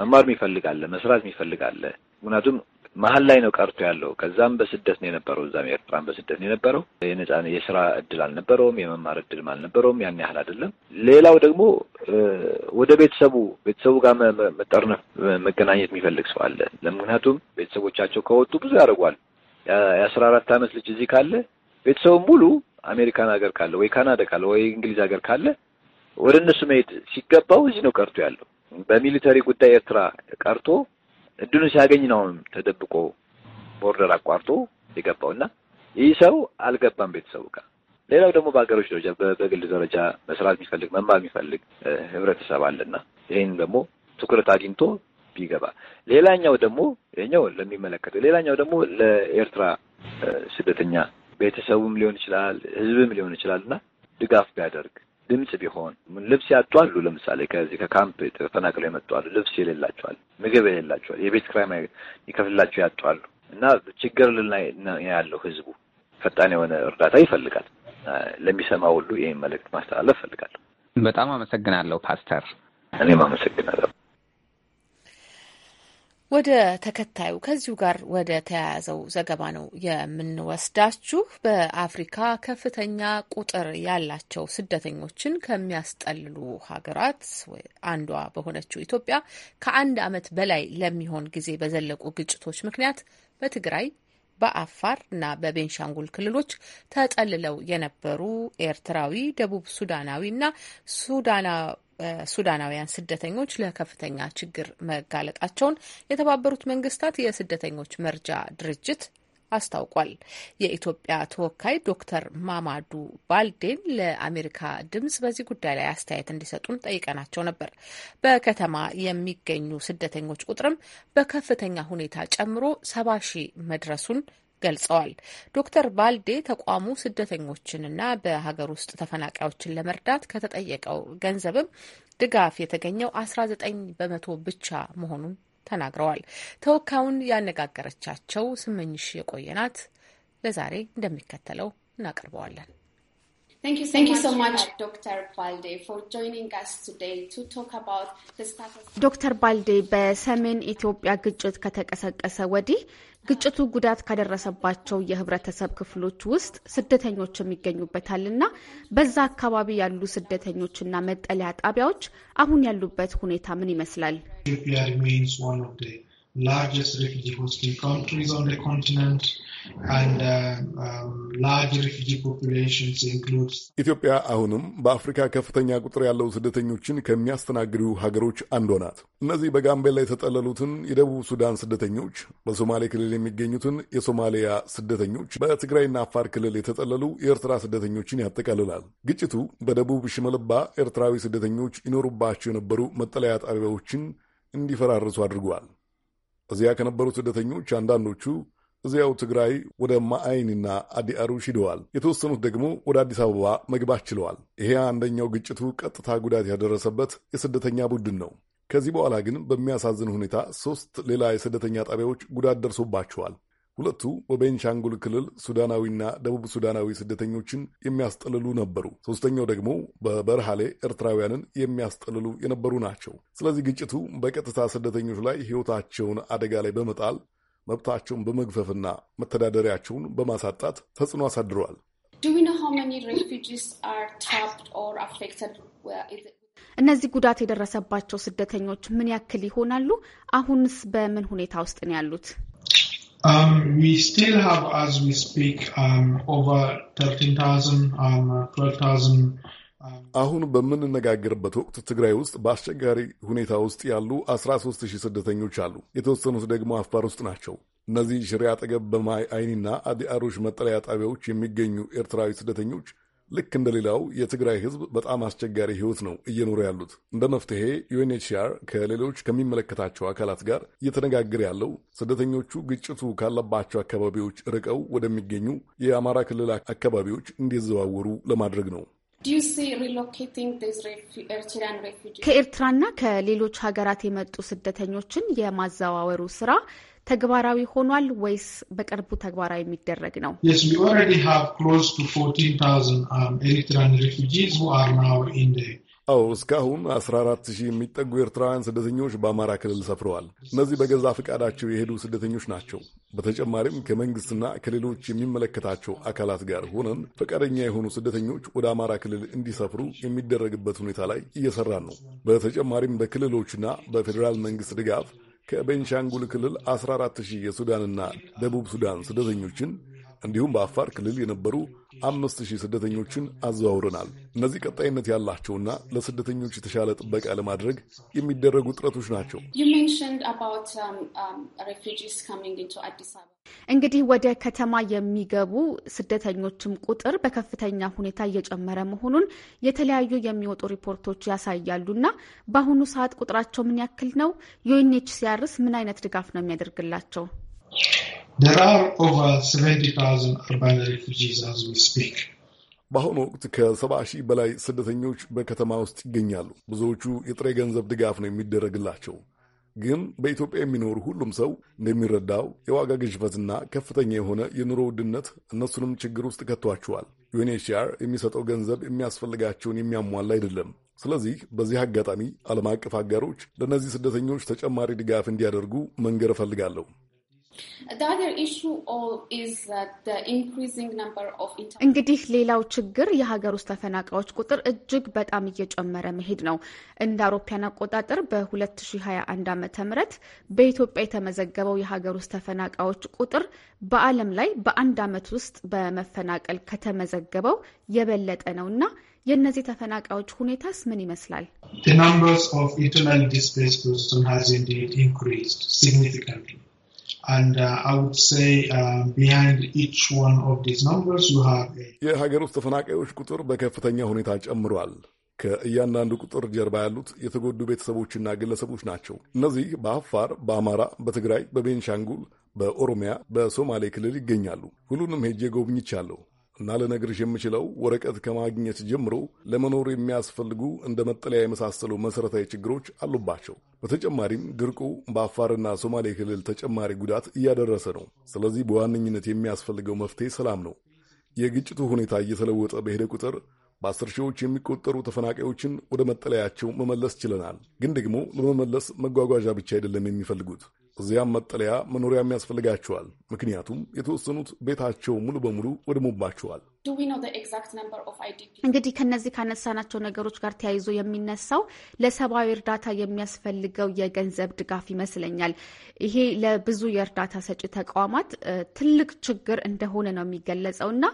መማር የሚፈልጋለ መስራት የሚፈልጋለ ምክንያቱም መሀል ላይ ነው ቀርቶ ያለው። ከዛም በስደት ነው የነበረው። እዛም ኤርትራን በስደት ነው የነበረው። የነጻ የስራ እድል አልነበረውም። የመማር እድልም አልነበረውም። ያን ያህል አይደለም። ሌላው ደግሞ ወደ ቤተሰቡ ቤተሰቡ ጋር መጠርነፍ መገናኘት የሚፈልግ ሰው አለ። ለምክንያቱም ቤተሰቦቻቸው ከወጡ ብዙ ያደርጓል። የአስራ አራት አመት ልጅ እዚህ ካለ ቤተሰቡ ሙሉ አሜሪካን ሀገር ካለ ወይ ካናዳ ካለ ወይ እንግሊዝ ሀገር ካለ ወደ እነሱ መሄድ ሲገባው እዚህ ነው ቀርቶ ያለው። በሚሊተሪ ጉዳይ ኤርትራ ቀርቶ እድሉን ሲያገኝ ነው ተደብቆ ቦርደር አቋርጦ የገባውና ይህ ሰው አልገባም ቤተሰቡ ጋር። ሌላው ደግሞ በሀገሮች ደረጃ በግል ደረጃ መስራት የሚፈልግ መማር የሚፈልግ ህብረተሰብ አለና ይህን ደግሞ ትኩረት አግኝቶ ቢገባ። ሌላኛው ደግሞ ይኛው ለሚመለከተው ሌላኛው ደግሞ ለኤርትራ ስደተኛ ቤተሰቡም ሊሆን ይችላል ህዝብም ሊሆን ይችላል እና ድጋፍ ቢያደርግ ድምጽ ቢሆን ልብስ ያጡ አሉ። ለምሳሌ ከዚህ ከካምፕ ተፈናቅለው የመጡ አሉ። ልብስ የሌላቸዋል፣ ምግብ የሌላቸዋል፣ የቤት ክራይ ይከፍልላቸው ያጡ አሉ። እና ችግር ላይ ያለው ህዝቡ ፈጣን የሆነ እርዳታ ይፈልጋል። ለሚሰማ ሁሉ ይህን መልእክት ማስተላለፍ እፈልጋለሁ። በጣም አመሰግናለሁ ፓስተር። እኔም አመሰግናለሁ። ወደ ተከታዩ ከዚሁ ጋር ወደ ተያያዘው ዘገባ ነው የምንወስዳችሁ። በአፍሪካ ከፍተኛ ቁጥር ያላቸው ስደተኞችን ከሚያስጠልሉ ሀገራት አንዷ በሆነችው ኢትዮጵያ ከአንድ ዓመት በላይ ለሚሆን ጊዜ በዘለቁ ግጭቶች ምክንያት በትግራይ በአፋር እና በቤንሻንጉል ክልሎች ተጠልለው የነበሩ ኤርትራዊ፣ ደቡብ ሱዳናዊ እና ሱዳና ሱዳናውያን ስደተኞች ለከፍተኛ ችግር መጋለጣቸውን የተባበሩት መንግስታት የስደተኞች መርጃ ድርጅት አስታውቋል። የኢትዮጵያ ተወካይ ዶክተር ማማዱ ባልዴን ለአሜሪካ ድምጽ በዚህ ጉዳይ ላይ አስተያየት እንዲሰጡን ጠይቀናቸው ነበር። በከተማ የሚገኙ ስደተኞች ቁጥርም በከፍተኛ ሁኔታ ጨምሮ ሰባ ሺህ መድረሱን ገልጸዋል። ዶክተር ባልዴ ተቋሙ ስደተኞችንና በሀገር ውስጥ ተፈናቃዮችን ለመርዳት ከተጠየቀው ገንዘብም ድጋፍ የተገኘው 19 በመቶ ብቻ መሆኑን ተናግረዋል። ተወካዩን ያነጋገረቻቸው ስመኝሽ የቆየናት ለዛሬ እንደሚከተለው እናቀርበዋለን። Thank you so Thank you much, so much uh, Dr. Balde for joining us today to talk about the status. Dr. Balde, በሰሜን ኢትዮጵያ ግጭት ከተቀሰቀሰ ወዲህ ግጭቱ ጉዳት ካደረሰባቸው የህብረተሰብ ክፍሎች ውስጥ ስደተኞች የሚገኙበታልና በዛ አካባቢ ያሉ ስደተኞችና መጠለያ ጣቢያዎች አሁን ያሉበት ሁኔታ ምን ይመስላል? ኢትዮጵያ ሪሜይንስ ዋን ኦፍ ዘ ላርጀስት ሪፊጂ ሆስቲንግ ካንትሪስ ኦን ዘ ኮንቲነንት Uh, um, ኢትዮጵያ አሁንም በአፍሪካ ከፍተኛ ቁጥር ያለው ስደተኞችን ከሚያስተናግዱ ሀገሮች አንዷ ናት። እነዚህ በጋምቤላ የተጠለሉትን የደቡብ ሱዳን ስደተኞች፣ በሶማሌ ክልል የሚገኙትን የሶማሊያ ስደተኞች፣ በትግራይና አፋር ክልል የተጠለሉ የኤርትራ ስደተኞችን ያጠቃልላል። ግጭቱ በደቡብ ሽመልባ ኤርትራዊ ስደተኞች ይኖሩባቸው የነበሩ መጠለያ ጣቢያዎችን እንዲፈራርሱ አድርጓል። እዚያ ከነበሩ ስደተኞች አንዳንዶቹ እዚያው ትግራይ ወደ ማአይኒና አዲ አሩሽ ሂደዋል። የተወሰኑት ደግሞ ወደ አዲስ አበባ መግባት ችለዋል። ይሄ አንደኛው ግጭቱ ቀጥታ ጉዳት ያደረሰበት የስደተኛ ቡድን ነው። ከዚህ በኋላ ግን በሚያሳዝን ሁኔታ ሶስት ሌላ የስደተኛ ጣቢያዎች ጉዳት ደርሶባቸዋል። ሁለቱ በቤንሻንጉል ክልል ሱዳናዊና ደቡብ ሱዳናዊ ስደተኞችን የሚያስጠልሉ ነበሩ። ሶስተኛው ደግሞ በበርሃሌ ኤርትራውያንን የሚያስጠልሉ የነበሩ ናቸው። ስለዚህ ግጭቱ በቀጥታ ስደተኞች ላይ ሕይወታቸውን አደጋ ላይ በመጣል መብታቸውን በመግፈፍና መተዳደሪያቸውን በማሳጣት ተጽዕኖ አሳድረዋል። እነዚህ ጉዳት የደረሰባቸው ስደተኞች ምን ያክል ይሆናሉ? አሁንስ በምን ሁኔታ ውስጥ ነው ያሉት? Um, አሁን በምንነጋገርበት ወቅት ትግራይ ውስጥ በአስቸጋሪ ሁኔታ ውስጥ ያሉ 13 ሺህ ስደተኞች አሉ። የተወሰኑት ደግሞ አፋር ውስጥ ናቸው። እነዚህ ሽሬ አጠገብ በማይ አይኒና አዲ አሮሽ መጠለያ ጣቢያዎች የሚገኙ ኤርትራዊ ስደተኞች ልክ እንደሌላው የትግራይ ሕዝብ በጣም አስቸጋሪ ሕይወት ነው እየኖሩ ያሉት። እንደ መፍትሄ ዩኤንኤችሲአር ከሌሎች ከሚመለከታቸው አካላት ጋር እየተነጋገረ ያለው ስደተኞቹ ግጭቱ ካለባቸው አካባቢዎች ርቀው ወደሚገኙ የአማራ ክልል አካባቢዎች እንዲዘዋወሩ ለማድረግ ነው። ከኤርትራና ከሌሎች ሀገራት የመጡ ስደተኞችን የማዘዋወሩ ስራ ተግባራዊ ሆኗል ወይስ በቅርቡ ተግባራዊ የሚደረግ ነው? አዎ እስካሁን 14 ሺህ የሚጠጉ ኤርትራውያን ስደተኞች በአማራ ክልል ሰፍረዋል። እነዚህ በገዛ ፈቃዳቸው የሄዱ ስደተኞች ናቸው። በተጨማሪም ከመንግስትና ከሌሎች የሚመለከታቸው አካላት ጋር ሆነን ፈቃደኛ የሆኑ ስደተኞች ወደ አማራ ክልል እንዲሰፍሩ የሚደረግበት ሁኔታ ላይ እየሰራን ነው። በተጨማሪም በክልሎችና በፌዴራል መንግስት ድጋፍ ከቤንሻንጉል ክልል 14 ሺህ የሱዳንና ደቡብ ሱዳን ስደተኞችን እንዲሁም በአፋር ክልል የነበሩ አምስት ሺህ ስደተኞችን አዘዋውረናል። እነዚህ ቀጣይነት ያላቸውና ለስደተኞች የተሻለ ጥበቃ ለማድረግ የሚደረጉ ጥረቶች ናቸው። um, um, እንግዲህ ወደ ከተማ የሚገቡ ስደተኞችም ቁጥር በከፍተኛ ሁኔታ እየጨመረ መሆኑን የተለያዩ የሚወጡ ሪፖርቶች ያሳያሉና በአሁኑ ሰዓት ቁጥራቸው ምን ያክል ነው? ዩኤንኤችሲአርስ ምን አይነት ድጋፍ ነው የሚያደርግላቸው? There are over 70,000 urban refugees as we speak. በአሁኑ ወቅት ከሰባ ሺህ በላይ ስደተኞች በከተማ ውስጥ ይገኛሉ። ብዙዎቹ የጥሬ ገንዘብ ድጋፍ ነው የሚደረግላቸው። ግን በኢትዮጵያ የሚኖሩ ሁሉም ሰው እንደሚረዳው የዋጋ ግሽበትና ከፍተኛ የሆነ የኑሮ ውድነት እነሱንም ችግር ውስጥ ከቷቸዋል። ዩኤንኤችሲአር የሚሰጠው ገንዘብ የሚያስፈልጋቸውን የሚያሟላ አይደለም። ስለዚህ በዚህ አጋጣሚ ዓለም አቀፍ አጋሮች ለእነዚህ ስደተኞች ተጨማሪ ድጋፍ እንዲያደርጉ መንገር እፈልጋለሁ። እንግዲህ ሌላው ችግር የሀገር ውስጥ ተፈናቃዮች ቁጥር እጅግ በጣም እየጨመረ መሄድ ነው። እንደ አውሮፓውያን አቆጣጠር በ2021 ዓ.ም በኢትዮጵያ የተመዘገበው የሀገር ውስጥ ተፈናቃዮች ቁጥር በዓለም ላይ በአንድ ዓመት ውስጥ በመፈናቀል ከተመዘገበው የበለጠ ነው እና የእነዚህ ተፈናቃዮች ሁኔታስ ምን ይመስላል? The numbers of internally displaced persons has indeed increased significantly. Uh, uh, የሀገር ውስጥ ተፈናቃዮች ቁጥር በከፍተኛ ሁኔታ ጨምሯል። ከእያንዳንዱ ቁጥር ጀርባ ያሉት የተጎዱ ቤተሰቦችና ግለሰቦች ናቸው። እነዚህ በአፋር፣ በአማራ፣ በትግራይ፣ በቤንሻንጉል፣ በኦሮሚያ፣ በሶማሌ ክልል ይገኛሉ። ሁሉንም ሄጄ ጎብኝቻለሁ። እና ልነግርሽ የምችለው ወረቀት ከማግኘት ጀምሮ ለመኖር የሚያስፈልጉ እንደ መጠለያ የመሳሰሉ መሠረታዊ ችግሮች አሉባቸው። በተጨማሪም ድርቁ በአፋርና ሶማሌ ክልል ተጨማሪ ጉዳት እያደረሰ ነው። ስለዚህ በዋነኝነት የሚያስፈልገው መፍትሄ ሰላም ነው። የግጭቱ ሁኔታ እየተለወጠ በሄደ ቁጥር በአስር ሺዎች የሚቆጠሩ ተፈናቃዮችን ወደ መጠለያቸው መመለስ ችለናል። ግን ደግሞ ለመመለስ መጓጓዣ ብቻ አይደለም የሚፈልጉት እዚያም መጠለያ መኖሪያም ያስፈልጋቸዋል። ምክንያቱም የተወሰኑት ቤታቸው ሙሉ በሙሉ ወድሞባቸዋል። እንግዲህ ከነዚህ ካነሳናቸው ነገሮች ጋር ተያይዞ የሚነሳው ለሰብአዊ እርዳታ የሚያስፈልገው የገንዘብ ድጋፍ ይመስለኛል። ይሄ ለብዙ የእርዳታ ሰጪ ተቋማት ትልቅ ችግር እንደሆነ ነው የሚገለጸው እና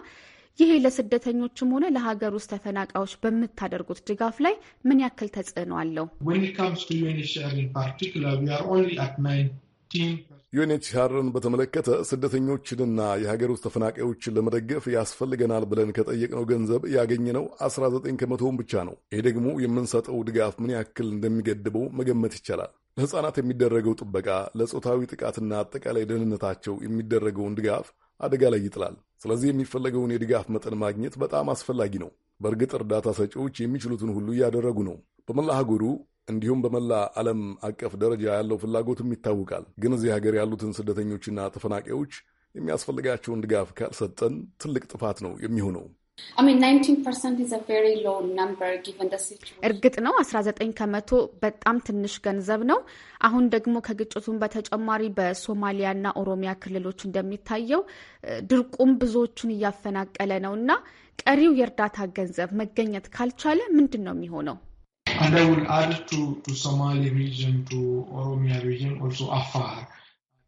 ይሄ ለስደተኞችም ሆነ ለሀገር ውስጥ ተፈናቃዮች በምታደርጉት ድጋፍ ላይ ምን ያክል ተጽዕኖ አለው? ዩኤንኤችሲአርን በተመለከተ ስደተኞችንና የሀገር ውስጥ ተፈናቃዮችን ለመደገፍ ያስፈልገናል ብለን ከጠየቅነው ገንዘብ ያገኘነው 19 ከመቶውን ብቻ ነው። ይህ ደግሞ የምንሰጠው ድጋፍ ምን ያክል እንደሚገድበው መገመት ይቻላል። ለሕፃናት የሚደረገው ጥበቃ፣ ለጾታዊ ጥቃትና አጠቃላይ ደህንነታቸው የሚደረገውን ድጋፍ አደጋ ላይ ይጥላል። ስለዚህ የሚፈለገውን የድጋፍ መጠን ማግኘት በጣም አስፈላጊ ነው። በእርግጥ እርዳታ ሰጪዎች የሚችሉትን ሁሉ እያደረጉ ነው። በመላ አህጉሩ እንዲሁም በመላ ዓለም አቀፍ ደረጃ ያለው ፍላጎትም ይታወቃል። ግን እዚህ ሀገር ያሉትን ስደተኞችና ተፈናቃዮች የሚያስፈልጋቸውን ድጋፍ ካልሰጠን ትልቅ ጥፋት ነው የሚሆነው። እርግጥ ነው 19 ከመቶ በጣም ትንሽ ገንዘብ ነው። አሁን ደግሞ ከግጭቱን በተጨማሪ በሶማሊያና ኦሮሚያ ክልሎች እንደሚታየው ድርቁም ብዙዎቹን እያፈናቀለ ነው እና ቀሪው የእርዳታ ገንዘብ መገኘት ካልቻለ ምንድን ነው የሚሆነው? And I will add to, to Somali region, to Oromia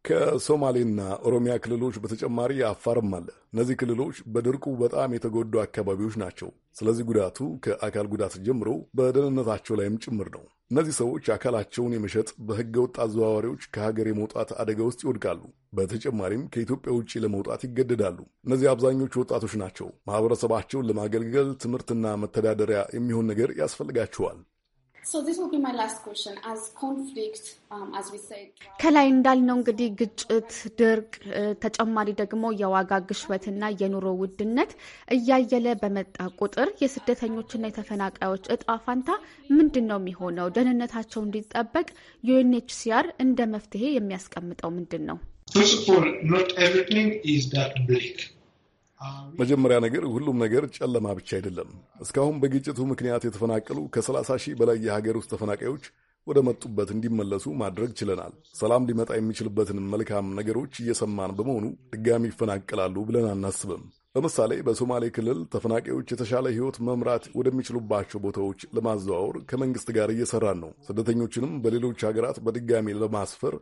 ከሶማሌና ኦሮሚያ ክልሎች በተጨማሪ አፋርም አለ። እነዚህ ክልሎች በድርቁ በጣም የተጎዱ አካባቢዎች ናቸው። ስለዚህ ጉዳቱ ከአካል ጉዳት ጀምሮ በደህንነታቸው ላይም ጭምር ነው። እነዚህ ሰዎች አካላቸውን የመሸጥ በሕገ ወጥ አዘዋዋሪዎች ከሀገር የመውጣት አደጋ ውስጥ ይወድቃሉ። በተጨማሪም ከኢትዮጵያ ውጭ ለመውጣት ይገደዳሉ። እነዚህ አብዛኞቹ ወጣቶች ናቸው። ማህበረሰባቸውን ለማገልገል ትምህርትና መተዳደሪያ የሚሆን ነገር ያስፈልጋቸዋል። Um, uh, ከላይ እንዳልነው እንግዲህ ግጭት፣ ድርቅ፣ ተጨማሪ ደግሞ የዋጋ ግሽበትና የኑሮ ውድነት እያየለ በመጣ ቁጥር የስደተኞችና የተፈናቃዮች እጣ ፋንታ ምንድን ነው የሚሆነው? ደህንነታቸው እንዲጠበቅ ዩኤንኤችሲአር እንደ መፍትሄ የሚያስቀምጠው ምንድን ነው? መጀመሪያ ነገር ሁሉም ነገር ጨለማ ብቻ አይደለም። እስካሁን በግጭቱ ምክንያት የተፈናቀሉ ከ30 ሺህ በላይ የሀገር ውስጥ ተፈናቃዮች ወደ መጡበት እንዲመለሱ ማድረግ ችለናል። ሰላም ሊመጣ የሚችልበትን መልካም ነገሮች እየሰማን በመሆኑ ድጋሚ ይፈናቀላሉ ብለን አናስብም። ለምሳሌ በሶማሌ ክልል ተፈናቃዮች የተሻለ ሕይወት መምራት ወደሚችሉባቸው ቦታዎች ለማዘዋወር ከመንግስት ጋር እየሰራን ነው። ስደተኞችንም በሌሎች ሀገራት በድጋሚ ለማስፈር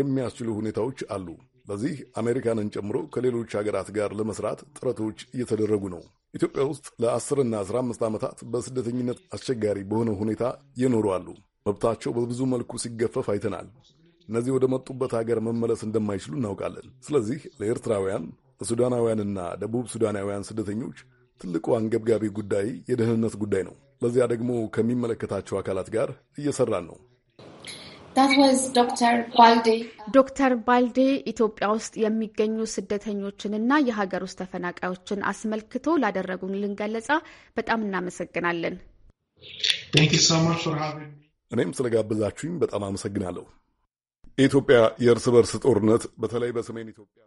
የሚያስችሉ ሁኔታዎች አሉ። በዚህ አሜሪካንን ጨምሮ ከሌሎች ሀገራት ጋር ለመስራት ጥረቶች እየተደረጉ ነው። ኢትዮጵያ ውስጥ ለአስርና አስራ አምስት ዓመታት በስደተኝነት አስቸጋሪ በሆነ ሁኔታ የኖሩ አሉ። መብታቸው በብዙ መልኩ ሲገፈፍ አይተናል። እነዚህ ወደ መጡበት ሀገር መመለስ እንደማይችሉ እናውቃለን። ስለዚህ ለኤርትራውያን፣ ለሱዳናውያንና ደቡብ ሱዳናውያን ስደተኞች ትልቁ አንገብጋቢ ጉዳይ የደህንነት ጉዳይ ነው። ለዚያ ደግሞ ከሚመለከታቸው አካላት ጋር እየሰራን ነው። ዶክተር ባልዴ ኢትዮጵያ ውስጥ የሚገኙ ስደተኞችንና የሀገር ውስጥ ተፈናቃዮችን አስመልክቶ ላደረጉልን ገለጻ በጣም እናመሰግናለን። እኔም ስለጋበዛችሁኝ በጣም አመሰግናለሁ። የኢትዮጵያ የእርስ በርስ ጦርነት በተለይ በሰሜን ኢትዮጵያ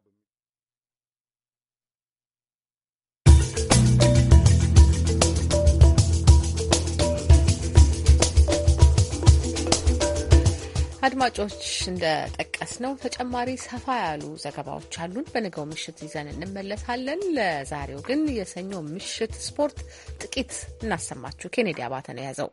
አድማጮች እንደጠቀስ ነው ተጨማሪ ሰፋ ያሉ ዘገባዎች አሉን። በነገው ምሽት ይዘን እንመለሳለን። ለዛሬው ግን የሰኞ ምሽት ስፖርት ጥቂት እናሰማችሁ። ኬኔዲ አባተ ነው የያዘው።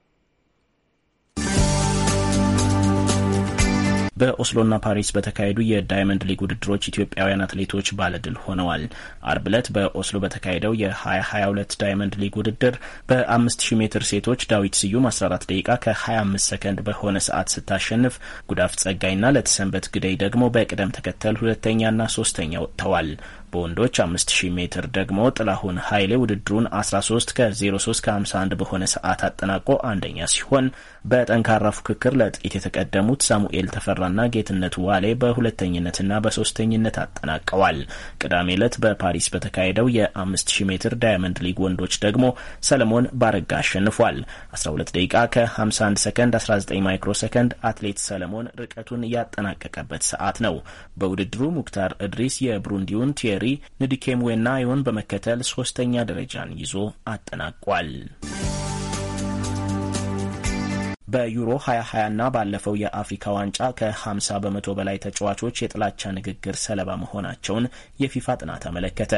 በኦስሎና ፓሪስ በተካሄዱ የዳይመንድ ሊግ ውድድሮች ኢትዮጵያውያን አትሌቶች ባለድል ሆነዋል። አርብ ዕለት በኦስሎ በተካሄደው የ2022 ዳይመንድ ሊግ ውድድር በ5000 ሜትር ሴቶች ዳዊት ስዩም 14 ደቂቃ ከ25 ሰከንድ በሆነ ሰዓት ስታሸንፍ፣ ጉዳፍ ጸጋይና ለተሰንበት ግደይ ደግሞ በቅደም ተከተል ሁለተኛና ሶስተኛ ወጥተዋል። በወንዶች 5000 ሜትር ደግሞ ጥላሁን ኃይሌ ውድድሩን 13 ከ03 ከ51 በሆነ ሰዓት አጠናቆ አንደኛ ሲሆን በጠንካራ ፉክክር ለጥቂት የተቀደሙት ሳሙኤል ተፈራና ጌትነት ዋሌ በሁለተኝነትና በሶስተኝነት አጠናቀዋል። ቅዳሜ ዕለት በፓሪስ በተካሄደው የ5000 ሜትር ዳያመንድ ሊግ ወንዶች ደግሞ ሰለሞን ባረጋ አሸንፏል። 12 ደቂቃ ከ51 ሰከንድ 19 ማይክሮ ሰከንድ አትሌት ሰለሞን ርቀቱን ያጠናቀቀበት ሰዓት ነው። በውድድሩ ሙክታር እድሪስ የብሩንዲውን ቲየ ኬሪ ንዲኬምዌ ናዮን በመከተል ሶስተኛ ደረጃን ይዞ አጠናቋል። በዩሮ 2020ና ባለፈው የአፍሪካ ዋንጫ ከ50 በመቶ በላይ ተጫዋቾች የጥላቻ ንግግር ሰለባ መሆናቸውን የፊፋ ጥናት አመለከተ።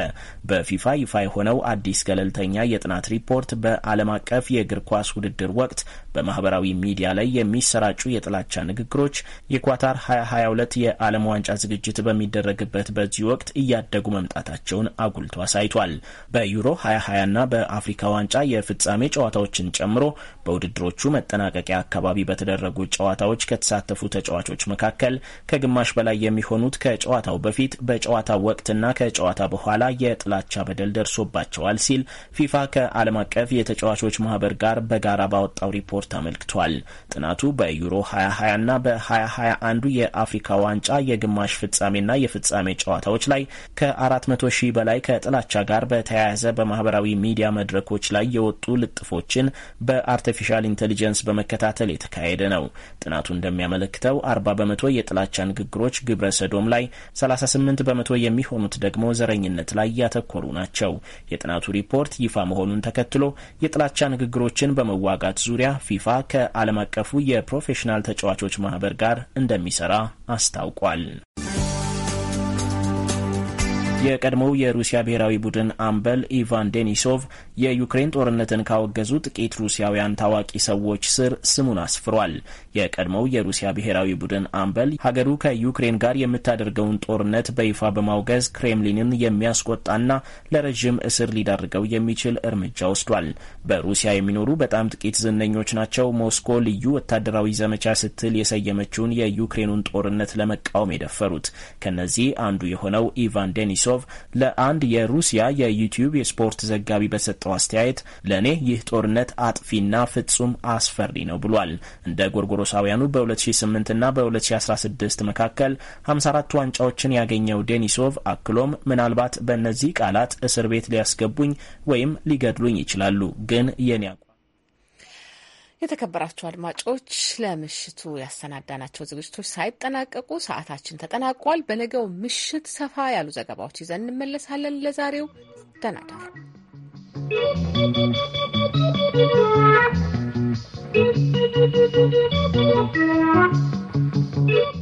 በፊፋ ይፋ የሆነው አዲስ ገለልተኛ የጥናት ሪፖርት በዓለም አቀፍ የእግር ኳስ ውድድር ወቅት በማህበራዊ ሚዲያ ላይ የሚሰራጩ የጥላቻ ንግግሮች የኳታር 2022 የዓለም ዋንጫ ዝግጅት በሚደረግበት በዚህ ወቅት እያደጉ መምጣታቸውን አጉልቶ አሳይቷል። በዩሮ 2020ና በአፍሪካ ዋንጫ የፍጻሜ ጨዋታዎችን ጨምሮ በውድድሮቹ መጠናቀቂያ አካባቢ በተደረጉ ጨዋታዎች ከተሳተፉ ተጫዋቾች መካከል ከግማሽ በላይ የሚሆኑት ከጨዋታው በፊት በጨዋታው ወቅትና ከጨዋታ በኋላ የጥላቻ በደል ደርሶባቸዋል ሲል ፊፋ ከዓለም አቀፍ የተጫዋቾች ማህበር ጋር በጋራ ባወጣው ሪፖርት ሪፖርት አመልክቷል። ጥናቱ በዩሮ 2020 ና በ2021 የአፍሪካ ዋንጫ የግማሽ ፍጻሜና የፍጻሜ ጨዋታዎች ላይ ከ400 ሺህ በላይ ከጥላቻ ጋር በተያያዘ በማህበራዊ ሚዲያ መድረኮች ላይ የወጡ ልጥፎችን በአርቲፊሻል ኢንቴሊጀንስ በመከታተል የተካሄደ ነው። ጥናቱ እንደሚያመለክተው 40 በመቶ የጥላቻ ንግግሮች ግብረ ሰዶም ላይ፣ 38 በመቶ የሚሆኑት ደግሞ ዘረኝነት ላይ ያተኮሩ ናቸው። የጥናቱ ሪፖርት ይፋ መሆኑን ተከትሎ የጥላቻ ንግግሮችን በመዋጋት ዙሪያ ፊፋ ከዓለም አቀፉ የፕሮፌሽናል ተጫዋቾች ማህበር ጋር እንደሚሰራ አስታውቋል። የቀድሞው የሩሲያ ብሔራዊ ቡድን አምበል ኢቫን ዴኒሶቭ የዩክሬን ጦርነትን ካወገዙ ጥቂት ሩሲያውያን ታዋቂ ሰዎች ስር ስሙን አስፍሯል። የቀድሞው የሩሲያ ብሔራዊ ቡድን አምበል ሀገሩ ከዩክሬን ጋር የምታደርገውን ጦርነት በይፋ በማውገዝ ክሬምሊንን የሚያስቆጣና ለረዥም እስር ሊዳርገው የሚችል እርምጃ ወስዷል። በሩሲያ የሚኖሩ በጣም ጥቂት ዝነኞች ናቸው ሞስኮ ልዩ ወታደራዊ ዘመቻ ስትል የሰየመችውን የዩክሬኑን ጦርነት ለመቃወም የደፈሩት። ከነዚህ አንዱ የሆነው ኢቫን ዴኒሶቭ ለአንድ የሩሲያ የዩቲዩብ የስፖርት ዘጋቢ በሰጠው በሰጠው አስተያየት ለእኔ ይህ ጦርነት አጥፊና ፍጹም አስፈሪ ነው ብሏል። እንደ ጎርጎሮሳውያኑ በ2008ና በ2016 መካከል 54 ዋንጫዎችን ያገኘው ዴኒሶቭ አክሎም ምናልባት በእነዚህ ቃላት እስር ቤት ሊያስገቡኝ ወይም ሊገድሉኝ ይችላሉ፣ ግን የኔ የተከበራችሁ አድማጮች ለምሽቱ ያሰናዳናቸው ዝግጅቶች ሳይጠናቀቁ ሰዓታችን ተጠናቋል። በነገው ምሽት ሰፋ ያሉ ዘገባዎች ይዘን እንመለሳለን። ለዛሬው ደህና Thank you.